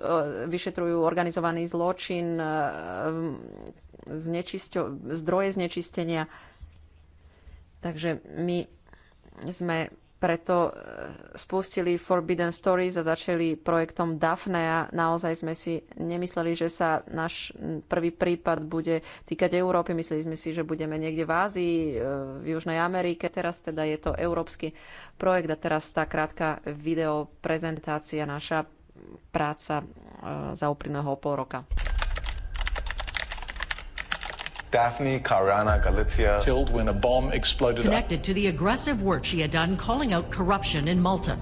vyšetrujú organizovaný zločin, zdroje znečistenia. Takže my sme preto e, spustili Forbidden Stories a začali projektom Daphne a naozaj sme si nemysleli, že sa náš prvý prípad bude týkať Európy. Mysleli sme si, že budeme niekde v Ázii, e, v Južnej Amerike. Teraz teda je to európsky projekt a teraz tá krátka videoprezentácia naša práca e, za uplynulého pol roka. Daphne Caruana Galizia. Killed when a bomb exploded. Connected to the aggressive work she had done calling out corruption in Malta.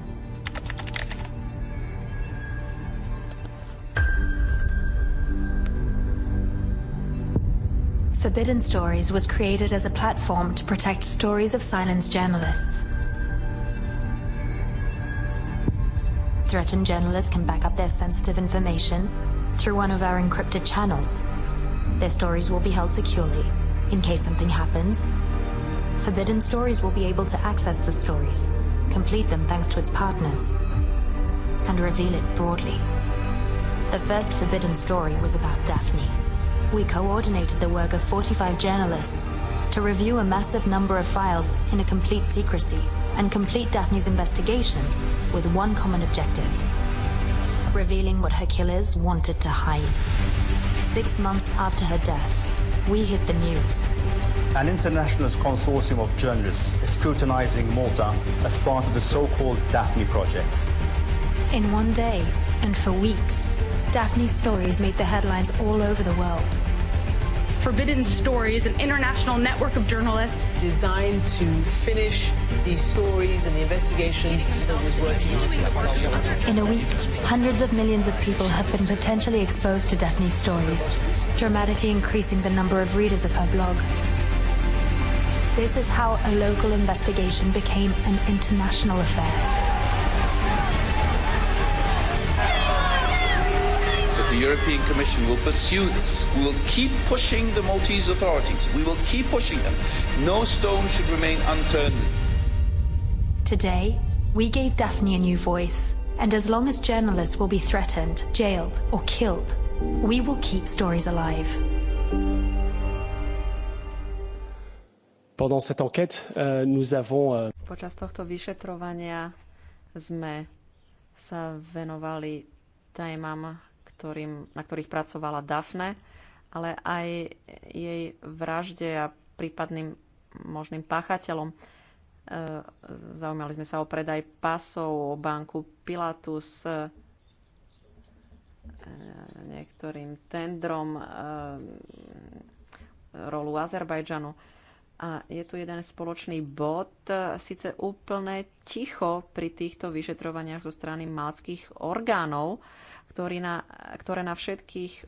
Forbidden Stories was created as a platform to protect stories of silenced journalists. Threatened journalists can back up their sensitive information through one of our encrypted channels. Their stories will be held securely in case something happens. Forbidden Stories will be able to access the stories, complete them thanks to its partners, and reveal it broadly. The first Forbidden Story was about Daphne. We coordinated the work of 45 journalists to review a massive number of files in a complete secrecy and complete Daphne's investigations with one common objective revealing what her killers wanted to hide six months after her death, we hit the news. An international consortium of journalists is scrutinizing Malta as part of the so-called Daphne Project. In one day, and for weeks, Daphne's stories made the headlines all over the world. Forbidden Stories, an international network of journalists designed to finish the stories and the investigations that was working on. In a week, hundreds of millions of people have been potentially exposed to Daphne's stories, dramatically increasing the number of readers of her blog. This is how a local investigation became an international affair. European Commission will pursue this. We will keep pushing the Maltese authorities. We will keep pushing them. No stone should remain unturned. Today, we gave Daphne a new voice. And as long as journalists will be threatened, jailed, or killed, we will keep stories alive. Pendant cette enquête, euh, nous avons... Euh... Počas tohto vyšetrovania sme sa venovali témam, ktorým, na ktorých pracovala Dafne, ale aj jej vražde a prípadným možným páchateľom. E, zaujímali sme sa o predaj pasov, o banku Pilatus, e, niektorým tendrom, e, rolu Azerbajdžanu. A je tu jeden spoločný bod, síce úplne ticho pri týchto vyšetrovaniach zo strany malckých orgánov, ktorí na, ktoré na všetkých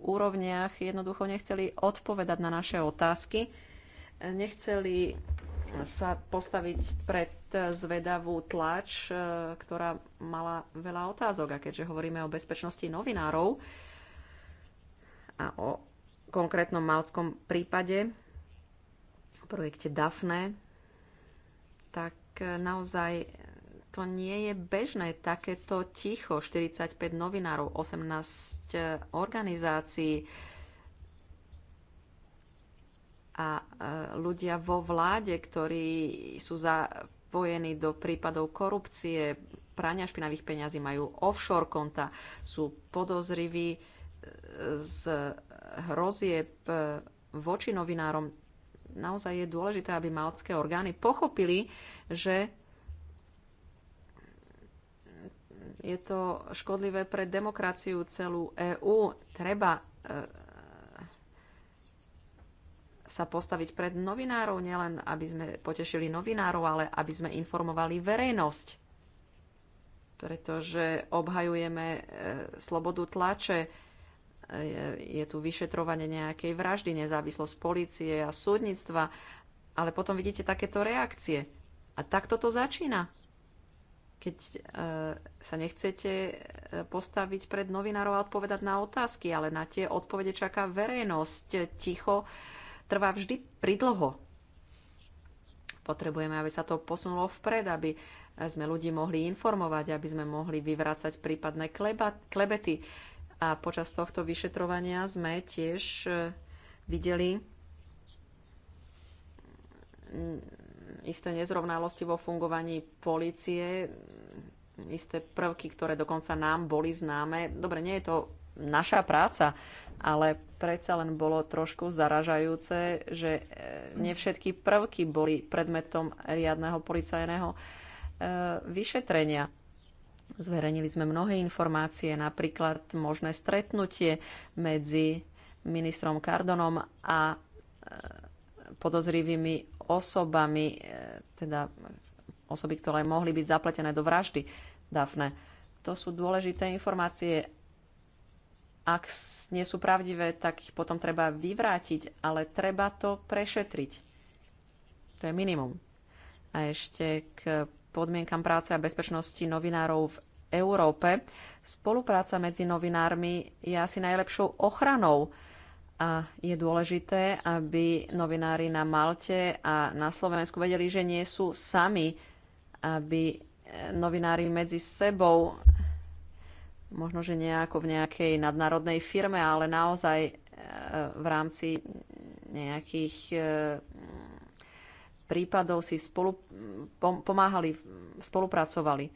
úrovniach jednoducho nechceli odpovedať na naše otázky, nechceli sa postaviť pred zvedavú tlač, e, ktorá mala veľa otázok. A keďže hovoríme o bezpečnosti novinárov a o konkrétnom malckom prípade, projekte DAFNE, tak naozaj to nie je bežné takéto ticho. 45 novinárov, 18 e, organizácií a e, ľudia vo vláde, ktorí sú zapojení do prípadov korupcie, prania špinavých peňazí, majú offshore konta, sú podozriví e, z hrozieb voči novinárom. Naozaj je dôležité, aby malcké orgány pochopili, že Je to škodlivé pre demokraciu celú EÚ. Treba e, sa postaviť pred novinárov, nielen aby sme potešili novinárov, ale aby sme informovali verejnosť. Pretože obhajujeme e, slobodu tlače, e, je tu vyšetrovanie nejakej vraždy, nezávislosť policie a súdnictva, ale potom vidíte takéto reakcie. A takto to začína keď e, sa nechcete e, postaviť pred novinárov a odpovedať na otázky, ale na tie odpovede čaká verejnosť. Ticho trvá vždy pridlho. Potrebujeme, aby sa to posunulo vpred, aby sme ľudí mohli informovať, aby sme mohli vyvrácať prípadné kleba, klebety. A počas tohto vyšetrovania sme tiež e, videli isté nezrovnalosti vo fungovaní policie, isté prvky, ktoré dokonca nám boli známe. Dobre, nie je to naša práca, ale predsa len bolo trošku zaražajúce, že e, nevšetky prvky boli predmetom riadneho policajného e, vyšetrenia. Zverejnili sme mnohé informácie, napríklad možné stretnutie medzi ministrom Kardonom a e, podozrivými osobami, e, teda osoby, ktoré mohli byť zapletené do vraždy Dafne. To sú dôležité informácie. Ak nie sú pravdivé, tak ich potom treba vyvrátiť, ale treba to prešetriť. To je minimum. A ešte k podmienkam práce a bezpečnosti novinárov v Európe. Spolupráca medzi novinármi je asi najlepšou ochranou a je dôležité, aby novinári na Malte a na Slovensku vedeli, že nie sú sami, aby e, novinári medzi sebou, možno že nejako v nejakej nadnárodnej firme, ale naozaj e, v rámci nejakých e, prípadov si spolu, pomáhali, spolupracovali.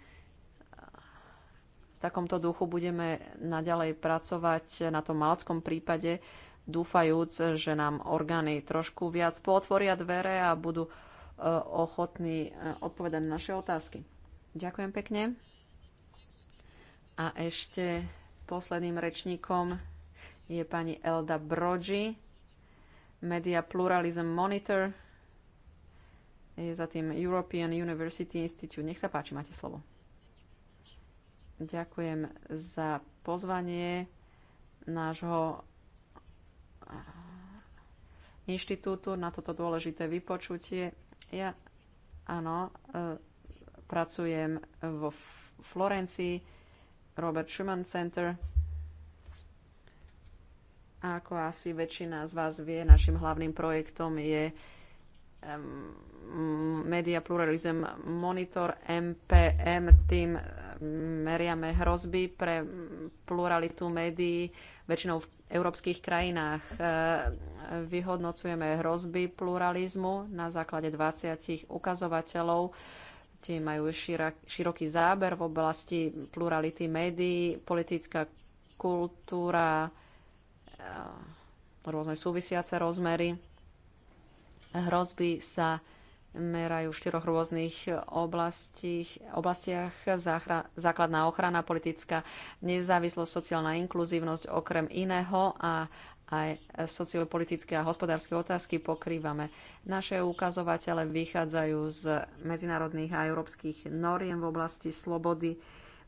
V takomto duchu budeme naďalej pracovať na tom malackom prípade dúfajúc, že nám orgány trošku viac potvoria dvere a budú e, ochotní e, odpovedať na naše otázky. Ďakujem pekne. A ešte posledným rečníkom je pani Elda Brogi, Media Pluralism Monitor. Je za tým European University Institute. Nech sa páči, máte slovo. Ďakujem za pozvanie nášho inštitútu na toto dôležité vypočutie. Ja, áno, e, pracujem vo Florencii, Robert Schumann Center. A ako asi väčšina z vás vie, našim hlavným projektom je Media Pluralism Monitor MPM, tým meriame hrozby pre pluralitu médií väčšinou v európskych krajinách. E, vyhodnocujeme hrozby pluralizmu na základe 20 ukazovateľov. Tie majú široký záber v oblasti plurality médií, politická kultúra, e, rôzne súvisiace rozmery. Hrozby sa merajú v štyroch rôznych oblastích, oblastiach záchra, základná ochrana, politická nezávislosť, sociálna inkluzívnosť okrem iného a aj sociopolitické a hospodárske otázky pokrývame. Naše ukazovatele vychádzajú z medzinárodných a európskych noriem v oblasti slobody,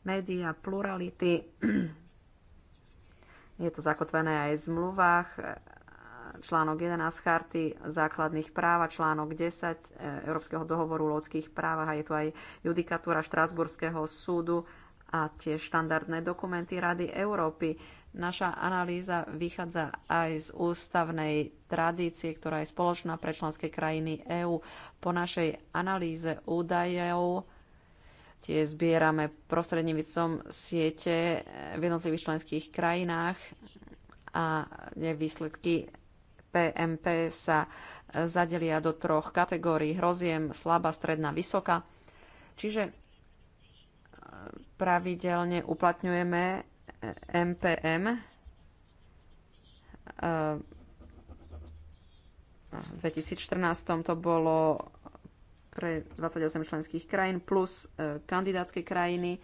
médií a plurality. Je to zakotvené aj v zmluvách článok 11 charty základných práv a článok 10 e, Európskeho dohovoru o ľudských právach a je tu aj judikatúra Štrásburského súdu a tie štandardné dokumenty Rady Európy. Naša analýza vychádza aj z ústavnej tradície, ktorá je spoločná pre členské krajiny EÚ. Po našej analýze údajov tie zbierame prostredníctvom siete v jednotlivých členských krajinách a výsledky PMP sa e, zadelia do troch kategórií hroziem, slabá, stredná, vysoká. Čiže e, pravidelne uplatňujeme MPM e, 2014 to bolo pre 28 členských krajín plus kandidátske krajiny.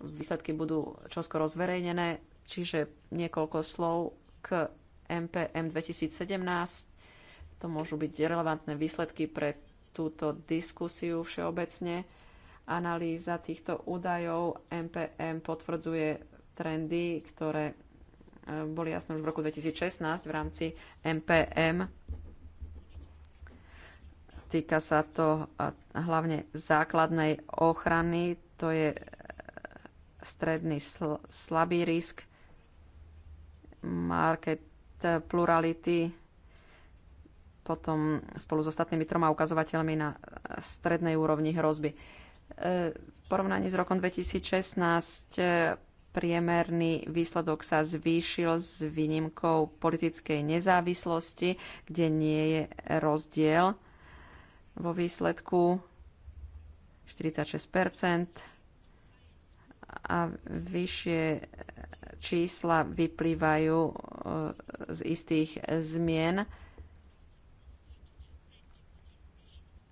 Výsledky budú čoskoro zverejnené, čiže niekoľko slov k MPM 2017. To môžu byť relevantné výsledky pre túto diskusiu všeobecne. Analýza týchto údajov MPM potvrdzuje trendy, ktoré e, boli jasné už v roku 2016 v rámci MPM. Týka sa to hlavne základnej ochrany, to je e, stredný sl- slabý risk, market plurality, potom spolu s ostatnými troma ukazovateľmi na strednej úrovni hrozby. E, v porovnaní s rokom 2016 e, priemerný výsledok sa zvýšil s výnimkou politickej nezávislosti, kde nie je rozdiel vo výsledku 46 a vyššie čísla vyplývajú e, z istých zmien,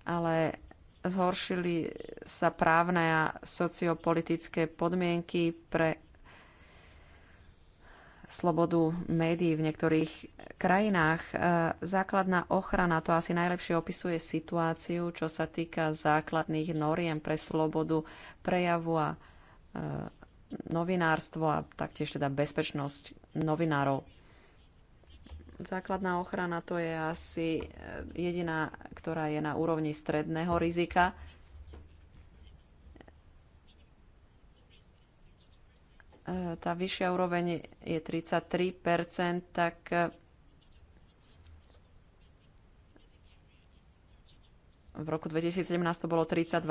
ale zhoršili sa právne a sociopolitické podmienky pre slobodu médií v niektorých krajinách. E, základná ochrana to asi najlepšie opisuje situáciu, čo sa týka základných noriem pre slobodu prejavu a novinárstvo a taktiež teda bezpečnosť novinárov. Základná ochrana to je asi eh, jediná, ktorá je na úrovni stredného rizika. Eh, tá vyššia úroveň je 33%, tak eh, v roku 2017 to bolo 32%.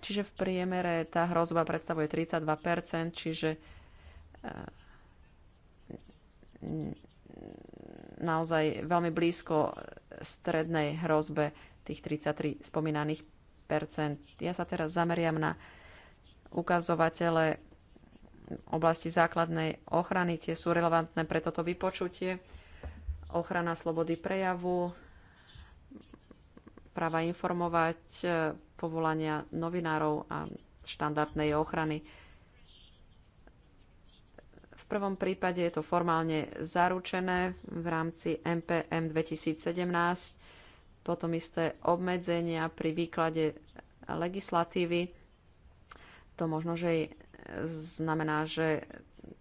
Čiže v priemere tá hrozba predstavuje 32%, čiže eh, naozaj veľmi blízko strednej hrozbe tých 33 spomínaných percent. Ja sa teraz zameriam na ukazovatele oblasti základnej ochrany. Tie sú relevantné pre toto vypočutie. Ochrana slobody prejavu, práva informovať, eh, povolania novinárov a štandardnej ochrany. V prvom prípade je to formálne zaručené v rámci MPM 2017, potom isté obmedzenia pri výklade legislatívy. To možno, že znamená, že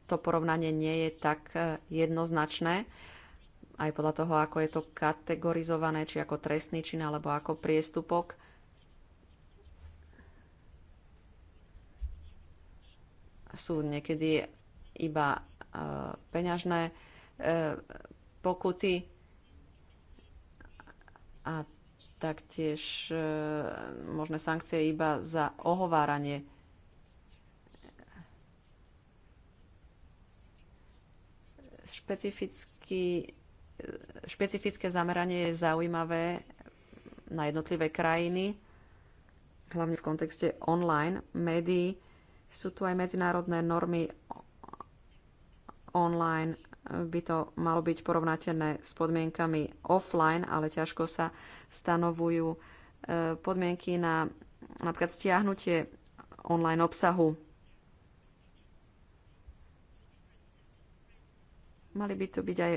to porovnanie nie je tak e, jednoznačné, aj podľa toho, ako je to kategorizované, či ako trestný čin alebo ako priestupok. sú niekedy iba e, peňažné e, pokuty a taktiež e, možné sankcie iba za ohováranie. Špecificky, špecifické zameranie je zaujímavé na jednotlivé krajiny, hlavne v kontexte online médií sú tu aj medzinárodné normy online. By to malo byť porovnateľné s podmienkami offline, ale ťažko sa stanovujú e, podmienky na napríklad stiahnutie online obsahu. Mali by tu byť aj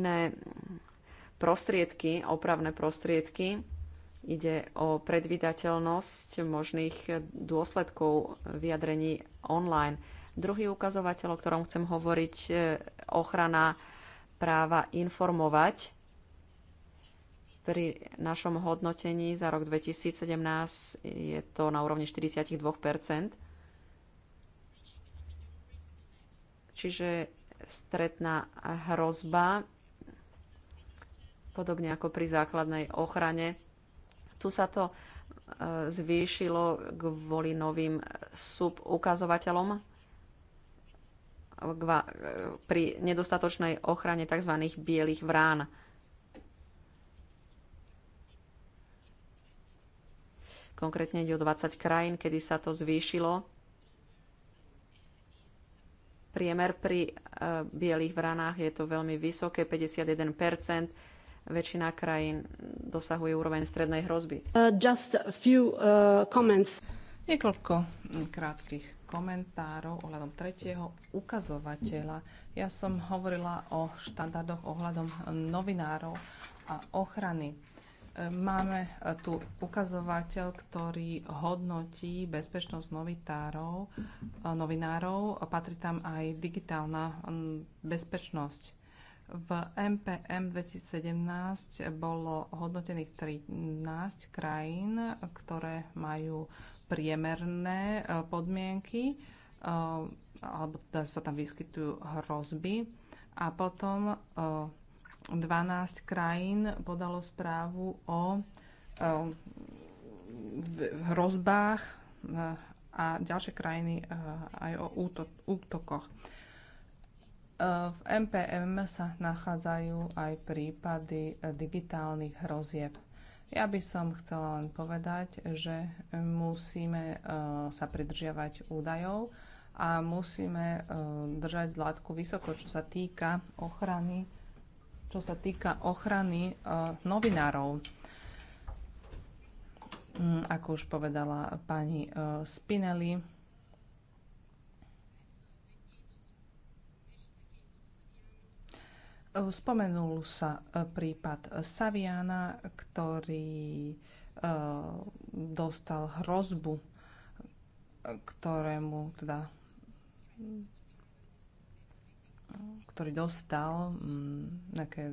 iné prostriedky, opravné prostriedky. Ide o predvydateľnosť možných dôsledkov vyjadrení online. Druhý ukazovateľ, o ktorom chcem hovoriť, e, ochrana práva informovať. Pri našom hodnotení za rok 2017 je to na úrovni 42 Čiže stretná hrozba, podobne ako pri základnej ochrane, tu sa to e, zvýšilo kvôli novým subukazovateľom e, pri nedostatočnej ochrane tzv. bielých vrán. Konkrétne ide o 20 krajín, kedy sa to zvýšilo. Priemer pri e, bielých vranách je to veľmi vysoké, 51 väčšina krajín dosahuje úroveň strednej hrozby. Uh, just a few uh, comments. Niekoľko krátkých komentárov ohľadom tretieho ukazovateľa. Ja som hovorila o štandardoch ohľadom novinárov a ochrany. Uh, máme uh, tu ukazovateľ, ktorý hodnotí bezpečnosť uh, novinárov. Patrí tam aj digitálna um, bezpečnosť. V MPM 2017 bolo hodnotených 13 krajín, ktoré majú priemerné e, podmienky, e, alebo teda sa tam vyskytujú hrozby. A potom 12 e, krajín podalo správu o hrozbách a ďalšie krajiny aj o útokoch. E, v MPM sa nachádzajú aj prípady e, digitálnych hrozieb. Ja by som chcela len povedať, že musíme e, sa pridržiavať údajov a musíme držať látku vysoko, čo sa týka ochrany, čo sa týka ochrany novinárov. Mm, ako už povedala pani Spinelli, Eh, spomenul sa eh, prípad eh, Saviana, ktorý dostal hrozbu, ktorému teda ktorý dostal mm, nejaké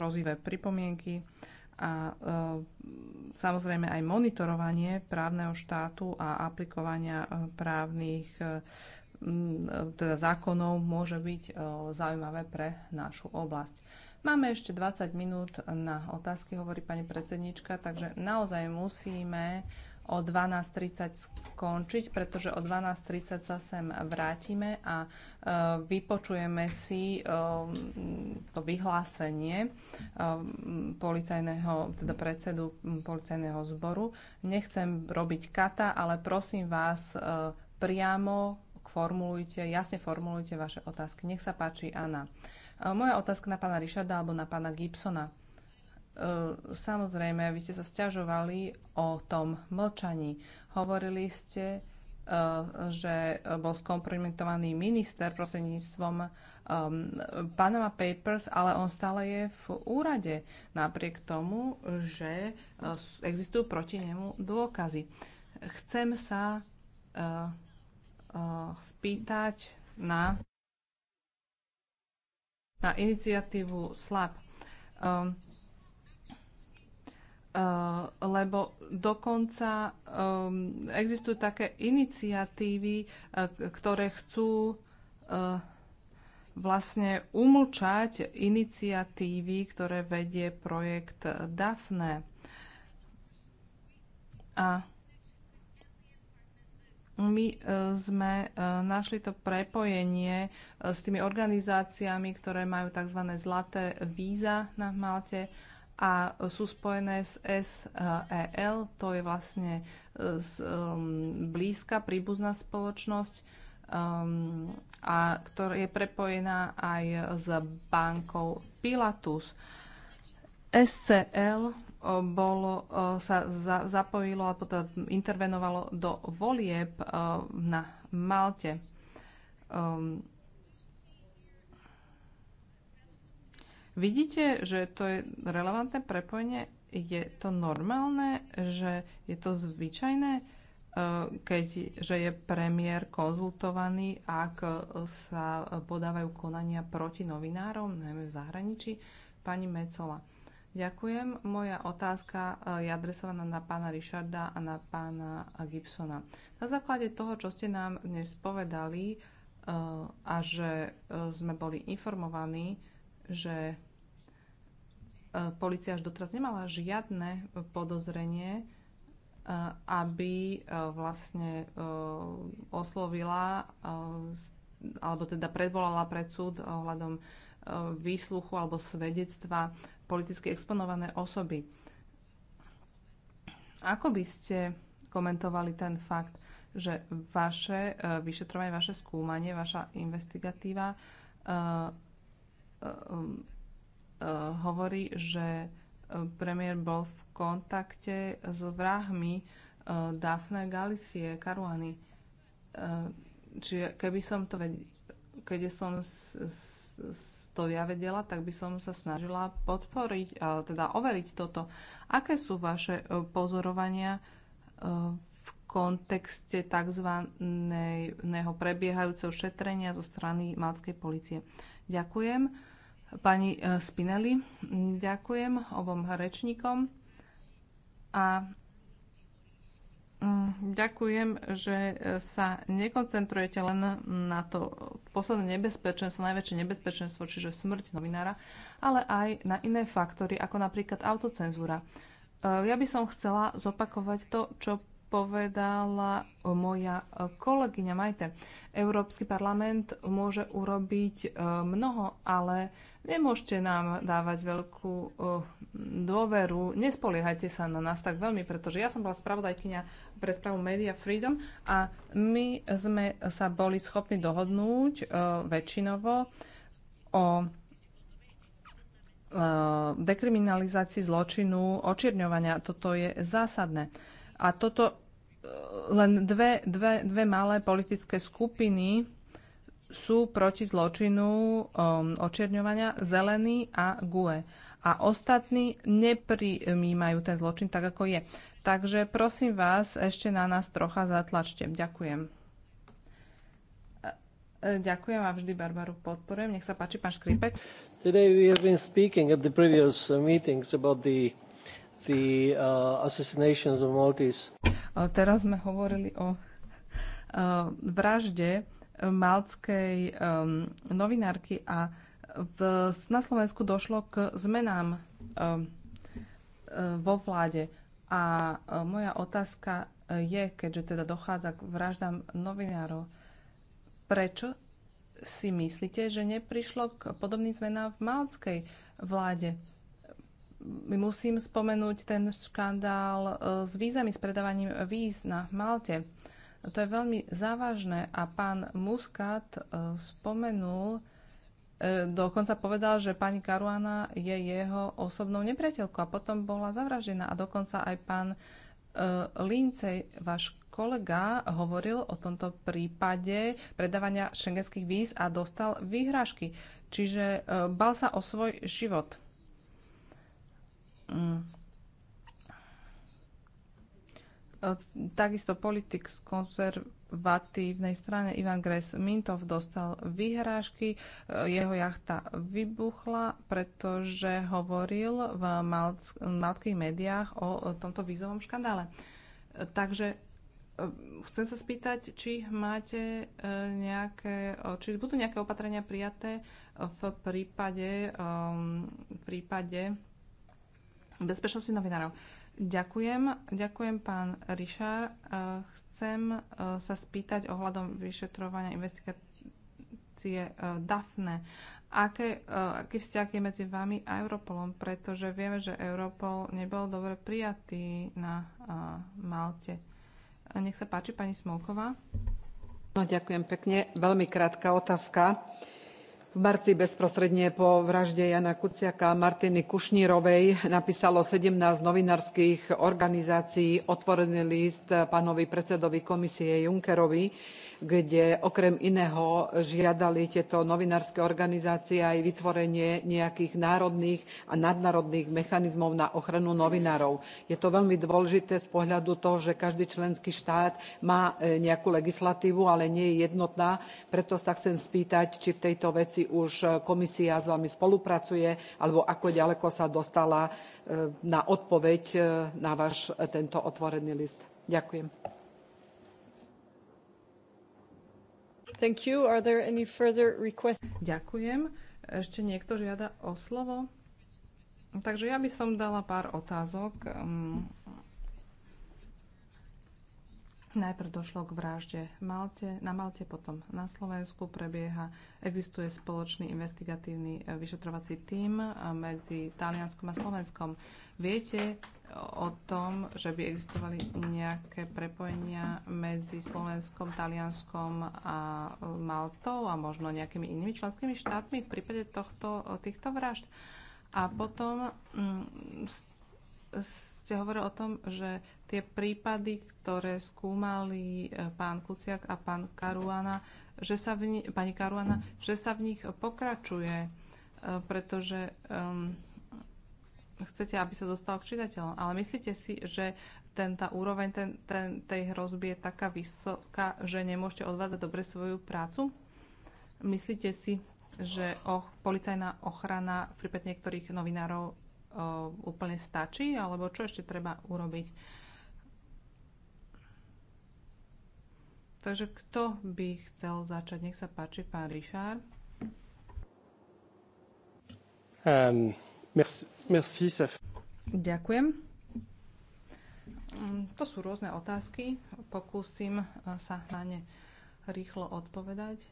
hrozivé pripomienky a samozrejme aj monitorovanie právneho štátu a aplikovania právnych Mm, teda zákonov môže byť e, zaujímavé pre našu oblasť. Máme ešte 20 minút na otázky, hovorí pani predsednička, takže naozaj musíme o 12.30 skončiť, pretože o 12.30 sa sem vrátime a e, vypočujeme si e, to vyhlásenie policajného, teda predsedu policajného zboru. Nechcem robiť kata, ale prosím vás priamo formulujte, jasne formulujte vaše otázky. Nech sa páči, Anna. E, moja otázka na pána Richarda alebo na pána Gibsona. E, samozrejme, vy ste sa stiažovali o tom mlčaní. Hovorili ste, e, že bol skompromitovaný minister prostredníctvom ehm, Panama Papers, ale on stále je v úrade, napriek tomu, že existujú proti nemu dôkazy. Chcem sa Eh, spýtať na, na iniciatívu SLAP. Um, ehm, Uh, eh, lebo dokonca um, existujú také iniciatívy, uh, ktoré chcú uh, vlastne umlčať iniciatívy, ktoré vedie projekt DAFNE. A my e, sme e, našli to prepojenie e, s tými organizáciami, ktoré majú tzv. zlaté víza na Malte a sú spojené s SEL, to je vlastne blízka príbuzná spoločnosť, a ktorá je prepojená aj s bankou Pilatus. SCL bolo, sa za, zapojilo a potom intervenovalo do volieb na Malte. Um, vidíte, že to je relevantné prepojenie? Je to normálne, že je to zvyčajné, e, keď, že je premiér konzultovaný, ak sa podávajú konania proti novinárom, najmä v zahraničí? Pani Mecola. Ďakujem. Moja otázka e, je adresovaná na pána Richarda a na pána Gibsona. Na základe toho, čo ste nám dnes povedali e, a že e, sme boli informovaní, že policia až doteraz nemala žiadne podozrenie, aby vlastne oslovila alebo teda predvolala pred súd ohľadom výsluchu alebo svedectva politicky exponované osoby. Ako by ste komentovali ten fakt, že vaše e, vyšetrovanie, vaše skúmanie, vaša investigatíva e, e, um, hovorí, že premiér bol v kontakte s vrahmi Daphne Galicie, Karuany. Čiže keby som to vedel, keď som s, s, s to ja vedela, tak by som sa snažila podporiť, teda overiť toto. Aké sú vaše e, pozorovania e, v kontekste tzv. prebiehajúceho šetrenia zo strany malckej policie? Ďakujem. Pani e, Spinelli, ďakujem obom rečníkom. A Mm, ďakujem, že e, sa nekoncentrujete len na to posledné nebezpečenstvo, najväčšie nebezpečenstvo, čiže smrť novinára, ale aj na iné faktory, ako napríklad autocenzúra. E, ja by som chcela zopakovať to, čo povedala moja e, kolegyňa Majte. Európsky parlament môže urobiť e, mnoho, ale nemôžete nám dávať veľkú e, dôveru. Nespoliehajte sa na nás tak veľmi, pretože ja som bola spravodajkynia pre správu Media Freedom a my sme sa boli schopní dohodnúť väčšinovo o dekriminalizácii zločinu očierňovania. Toto je zásadné. A toto e, len dve, dve, dve malé politické skupiny sú proti zločinu um, očierňovania zelený a GUE. A ostatní neprimýmajú ten zločin tak, ako je. Takže prosím vás, ešte na nás trocha zatlačte. Ďakujem. E, e, ďakujem a vždy Barbaru podporujem. Nech sa páči, pán Škripek. Today we have been speaking at the previous meetings about the the uh, assassinations of Maltese. Teraz sme hovorili o uh, vražde uh, maltskej um, novinárky a uh, v, na Slovensku došlo k zmenám um, uh, vo vláde. A moja otázka je, keďže teda dochádza k vraždám novinárov, prečo si myslíte, že neprišlo k podobným zmenám v maltskej vláde? musím spomenúť ten škandál e, s vízami, s predávaním víz na Malte. To je veľmi závažné a pán Muscat e, spomenul, e, dokonca povedal, že pani Karuana je jeho osobnou nepriateľkou a potom bola zavražená a dokonca aj pán Lincej, váš kolega, hovoril o tomto prípade predávania šengenských víz a dostal výhrážky. Čiže bal sa o svoj život. Mm. takisto politik z konzervatívnej strany Ivan Gres Mintov dostal vyhrážky. E, jeho jachta vybuchla, pretože hovoril v malckých médiách o tomto vízovom škandále. E, takže e, chcem sa spýtať, či máte nejaké, či budú nejaké opatrenia prijaté v prípade, v prípade bezpečnosti novinárov. Ďakujem. Ďakujem, pán Richard. E, chcem e, sa spýtať ohľadom vyšetrovania investigácie e, DAFNE. Aké, aký vzťah je medzi vami a Europolom? Pretože vieme, že Europol nebol dobre prijatý na Malte. Nech sa páči, pani Smolková. No, ďakujem pekne. Veľmi krátka otázka. Uh, v marci bezprostredne po vražde Jana Kuciaka a Martiny Kušnírovej napísalo 17 novinárskych organizácií otvorený list pánovi predsedovi komisie Junckerovi kde okrem iného žiadali tieto novinárske organizácie aj vytvorenie nejakých národných a nadnárodných mechanizmov na ochranu novinárov. Je to veľmi dôležité z pohľadu toho, že každý členský štát má e, nejakú legislatívu, ale nie je jednotná. Preto sa chcem spýtať, či v tejto veci už e, komisia s vami spolupracuje, alebo ako ďaleko sa dostala e, na odpoveď na váš tento otvorený list. Ďakujem. Thank you. Are there any further requests? Ďakujem. Ešte niekto žiada o slovo? Takže ja by som dala pár otázok. Ehm, najprv došlo k vražde Malte, na Malte, potom na Slovensku prebieha, existuje spoločný investigatívny e, vyšetrovací tím e, medzi Talianskom a Slovenskom. Viete, o tom, že by existovali nejaké prepojenia medzi Slovenskom, Talianskom a Maltou a možno nejakými inými členskými štátmi v prípade tohto, týchto vražd. A potom mm, ste hovorili o tom, že tie prípady, ktoré skúmali e, pán Kuciak a pán Karuana, že sa v ni- pani Karuana, že sa v nich pokračuje, e, pretože um, chcete, aby sa dostal k čitateľom. Ale myslíte si, že ten, tá úroveň ten, ten, tej hrozby je taká vysoká, že nemôžete odvádzať dobre svoju prácu? Myslíte si, že och, policajná ochrana v prípade niektorých novinárov o, úplne stačí? Alebo čo ešte treba urobiť? Takže kto by chcel začať? Nech sa páči, pán Richard. Um, merci. Merci, Saf. Ďakujem. Mm, to sú rôzne otázky. Pokúsim e, sa na ne rýchlo odpovedať.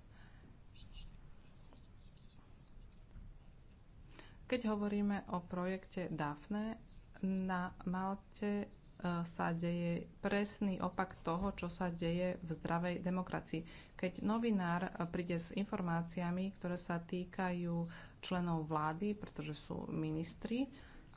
Keď hovoríme o projekte DAFNE, na Malte e, sa deje presný opak toho, čo sa deje v zdravej demokracii. Keď novinár e, príde s informáciami, ktoré sa týkajú členov vlády, pretože sú ministri.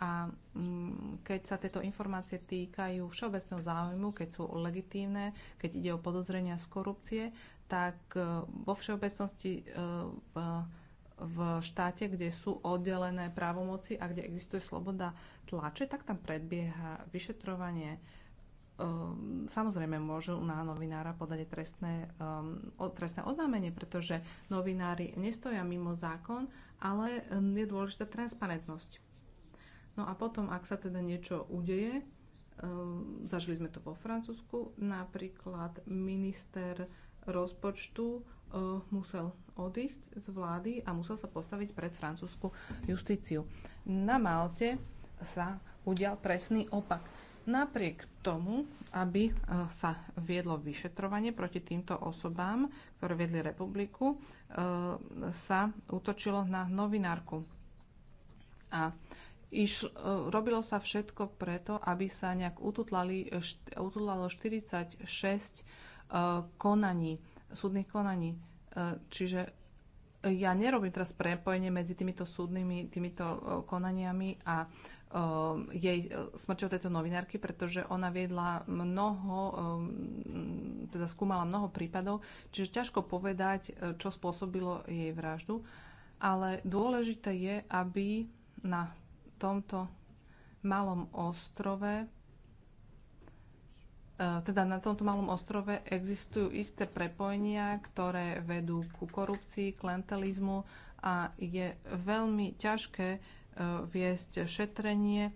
A mm, keď sa tieto informácie týkajú všeobecného záujmu, keď sú legitímne, keď ide o podozrenia z korupcie, tak e, vo všeobecnosti e, v, v štáte, kde sú oddelené právomoci a kde existuje sloboda tlače, tak tam predbieha vyšetrovanie. E, samozrejme, môžu na novinára podať trestné, trestné oznámenie, pretože novinári nestoja mimo zákon ale je dôležitá transparentnosť. No a potom, ak sa teda niečo udeje, zažili sme to vo Francúzsku, napríklad minister rozpočtu eh, musel odísť z vlády a musel sa postaviť pred francúzsku justíciu. Na Malte sa udial presný opak Napriek tomu, aby eh, sa viedlo vyšetrovanie proti týmto osobám, ktoré viedli republiku, eh, sa útočilo na novinárku. A iš, eh, robilo sa všetko preto, aby sa nejak ututlalo 46 konaní, súdnych konaní. Čiže ja nerobím teraz prepojenie medzi týmito súdnymi, týmito konaniami a Um, jej uh, smrťou tejto novinárky, pretože ona viedla mnoho, um, teda skúmala mnoho prípadov, čiže ťažko povedať, uh, čo spôsobilo jej vraždu, ale dôležité je, aby na tomto malom ostrove uh, teda na tomto malom ostrove existujú isté prepojenia, ktoré vedú ku korupcii, klientelizmu a je veľmi ťažké viesť šetrenie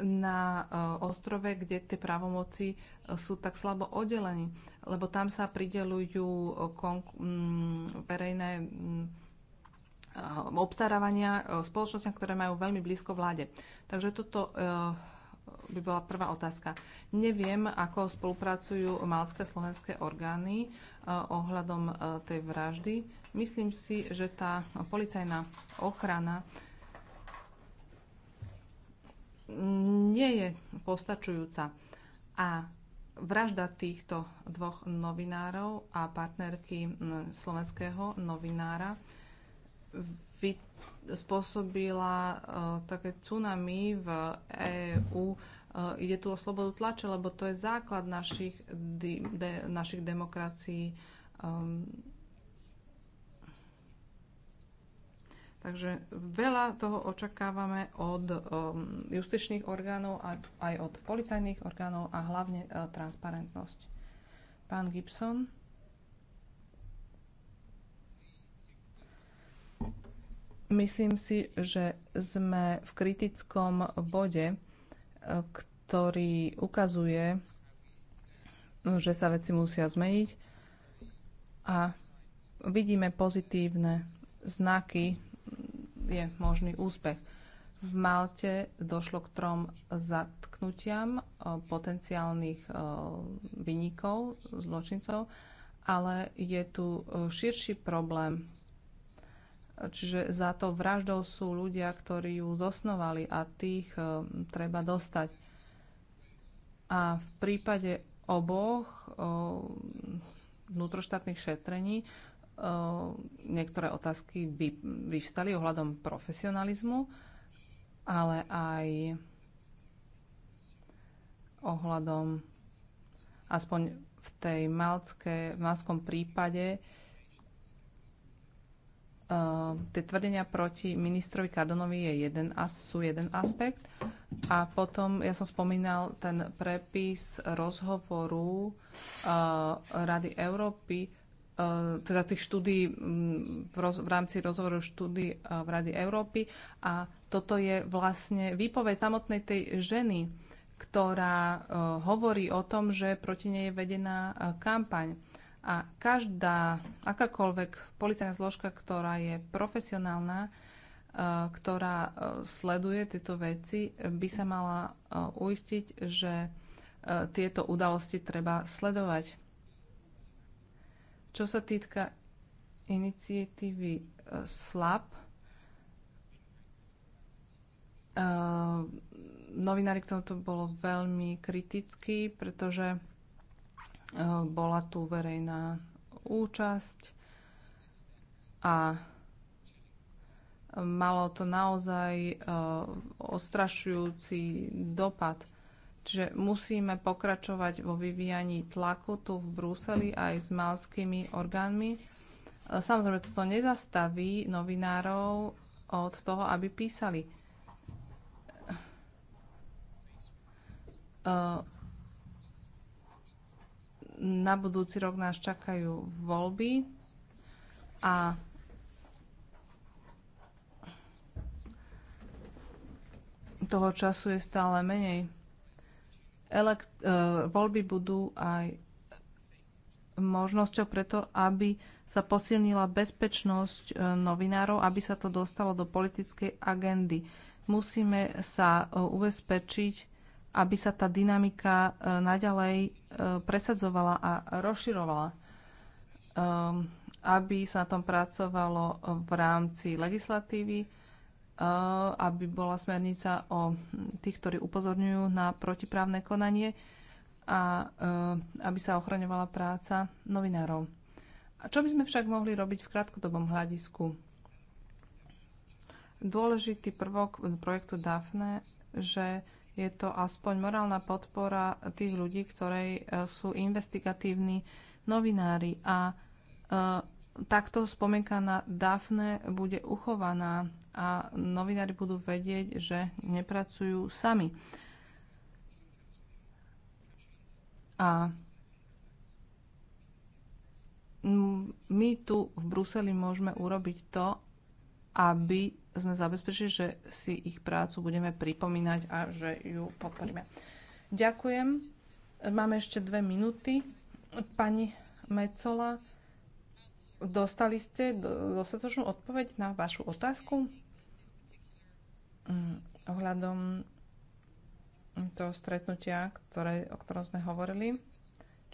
na e, ostrove, kde tie právomoci e, sú tak slabo oddelení, lebo tam sa pridelujú e, mm, verejné mm, obstarávania spoločnosti, ktoré majú veľmi blízko vláde. Takže toto by bola prvá otázka. Neviem, ako spolupracujú malské slovenské orgány ohľadom tej vraždy. Myslím si, že tá policajná ochrana nie je postačujúca. A vražda týchto dvoch novinárov a partnerky slovenského novinára spôsobila e, také tsunami v EÚ. E, ide tu o slobodu tlače, lebo to je základ našich, de, našich demokracií. Um, Takže veľa toho očakávame od um, justičných orgánov a aj od policajných orgánov a hlavne uh, transparentnosť. Pán Gibson. Myslím si, že sme v kritickom bode, uh, ktorý ukazuje, že sa veci musia zmeniť a vidíme pozitívne znaky je možný úspech. V Malte došlo k trom zatknutiam e, potenciálnych e, vynikov, zločincov, ale je tu e, širší problém. Čiže za to vraždou sú ľudia, ktorí ju zosnovali a tých treba dostať. A v prípade oboch vnútroštátnych šetrení Eh, niektoré otázky by vyvstali ohľadom profesionalizmu, ale aj ohľadom aspoň v tej malcké, v malskom prípade uh, tie tvrdenia proti ministrovi Kardonovi je jeden, sú jeden aspekt. A potom, ja som spomínal ten prepis rozhovoru uh, Rady Európy E, teda tých štúdí mm, v, roz, v rámci rozhovoru štúdí e, v Rady Európy a toto je vlastne výpoveď samotnej tej ženy, ktorá e, hovorí o tom, že proti nej je vedená kampaň. A každá, akákoľvek policajná zložka, ktorá je profesionálna, ktorá sleduje tieto veci, by sa mala uistiť, že tieto udalosti treba sledovať. Čo sa týka iniciatívy e, SLAP, e, novinári k tomuto bolo veľmi kritický, pretože e, bola tu verejná účasť a malo to naozaj uh, ostrašujúci dopad. Čiže musíme pokračovať vo vyvíjaní tlaku tu v Bruseli aj s malskými orgánmi. E, samozrejme, toto nezastaví novinárov od toho, aby písali. E, na budúci rok nás čakajú voľby a toho času je stále menej elekt- e, voľby budú aj možnosťou preto, aby sa posilnila bezpečnosť e, novinárov, aby sa to dostalo do politickej agendy. Musíme sa e, ubezpečiť, aby sa tá dynamika naďalej presadzovala a rozširovala, aby sa na tom pracovalo v rámci legislatívy, aby bola smernica o tých, ktorí upozorňujú na protiprávne konanie a e, aby sa ochraňovala práca novinárov. A čo by sme však mohli robiť v krátkodobom hľadisku? Dôležitý prvok projektu DAFNE, že je to aspoň morálna podpora tých ľudí, ktorí e, sú investigatívni novinári a e, takto spomienka na Dafne bude uchovaná a novinári budú vedieť, že nepracujú sami. A my tu v Bruseli môžeme urobiť to, aby sme zabezpečili, že si ich prácu budeme pripomínať a že ju podporíme. Ďakujem. Máme ešte dve minúty. Pani Mecola, Dostali ste dostatočnú odpoveď na vašu otázku mm, ohľadom toho stretnutia, ktoré, o ktorom sme hovorili.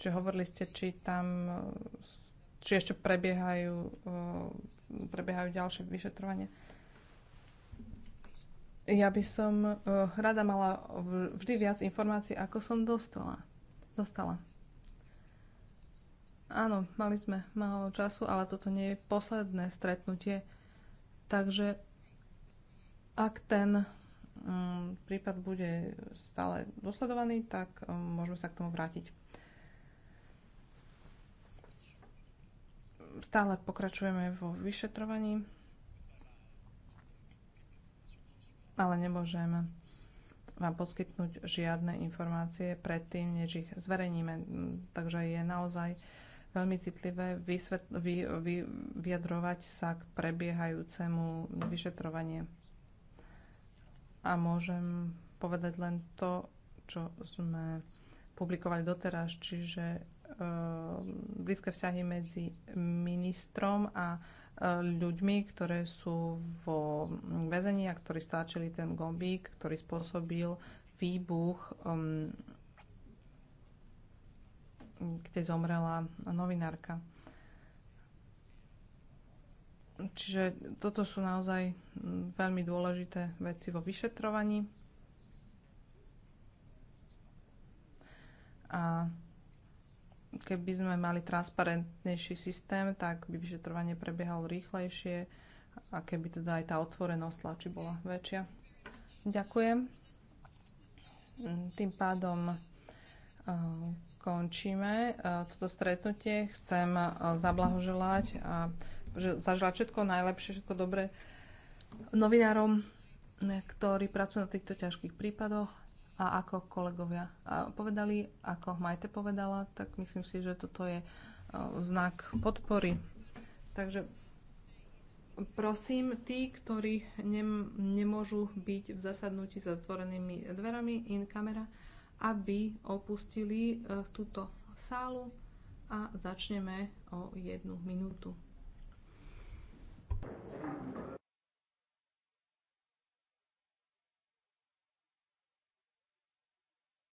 Čiže hovorili ste, či tam či ešte prebiehajú, e, prebiehajú ďalšie vyšetrovanie. Ja by som e, rada mala vždy viac informácií, ako som dostala. dostala. Áno, mali sme málo času, ale toto nie je posledné stretnutie. Takže ak ten um, prípad bude stále dosledovaný, tak um, môžeme sa k tomu vrátiť. Stále pokračujeme vo vyšetrovaní, ale nemôžeme vám poskytnúť žiadne informácie predtým, než ich zverejníme. Mm, takže je naozaj uh, veľmi citlivé vysvet, vy, vy, vyjadrovať sa k prebiehajúcemu vyšetrovanie. A môžem povedať len to, čo sme publikovali doteraz, čiže e, blízke vzťahy medzi ministrom a e, ľuďmi, ktoré sú vo väzení a ktorí stáčili ten gombík, ktorý spôsobil výbuch um, kde zomrela novinárka. Čiže toto sú naozaj mm, veľmi dôležité veci vo vyšetrovaní. A keby sme mali transparentnejší systém, tak by vyšetrovanie prebiehalo rýchlejšie a keby teda aj tá otvorenosť tlači bola väčšia. Ďakujem. Mm, tým pádom eh, končíme e, toto stretnutie. Chcem e, zablahoželať a zažila všetko najlepšie, všetko dobré novinárom, ktorí pracujú na týchto ťažkých prípadoch a ako kolegovia povedali, ako Majte povedala, tak myslím si, že toto je e, znak podpory. Takže prosím, tí, ktorí nem, nemôžu byť v zasadnutí s otvorenými dverami in kamera, aby opustili e, túto sálu a začneme o jednu minútu.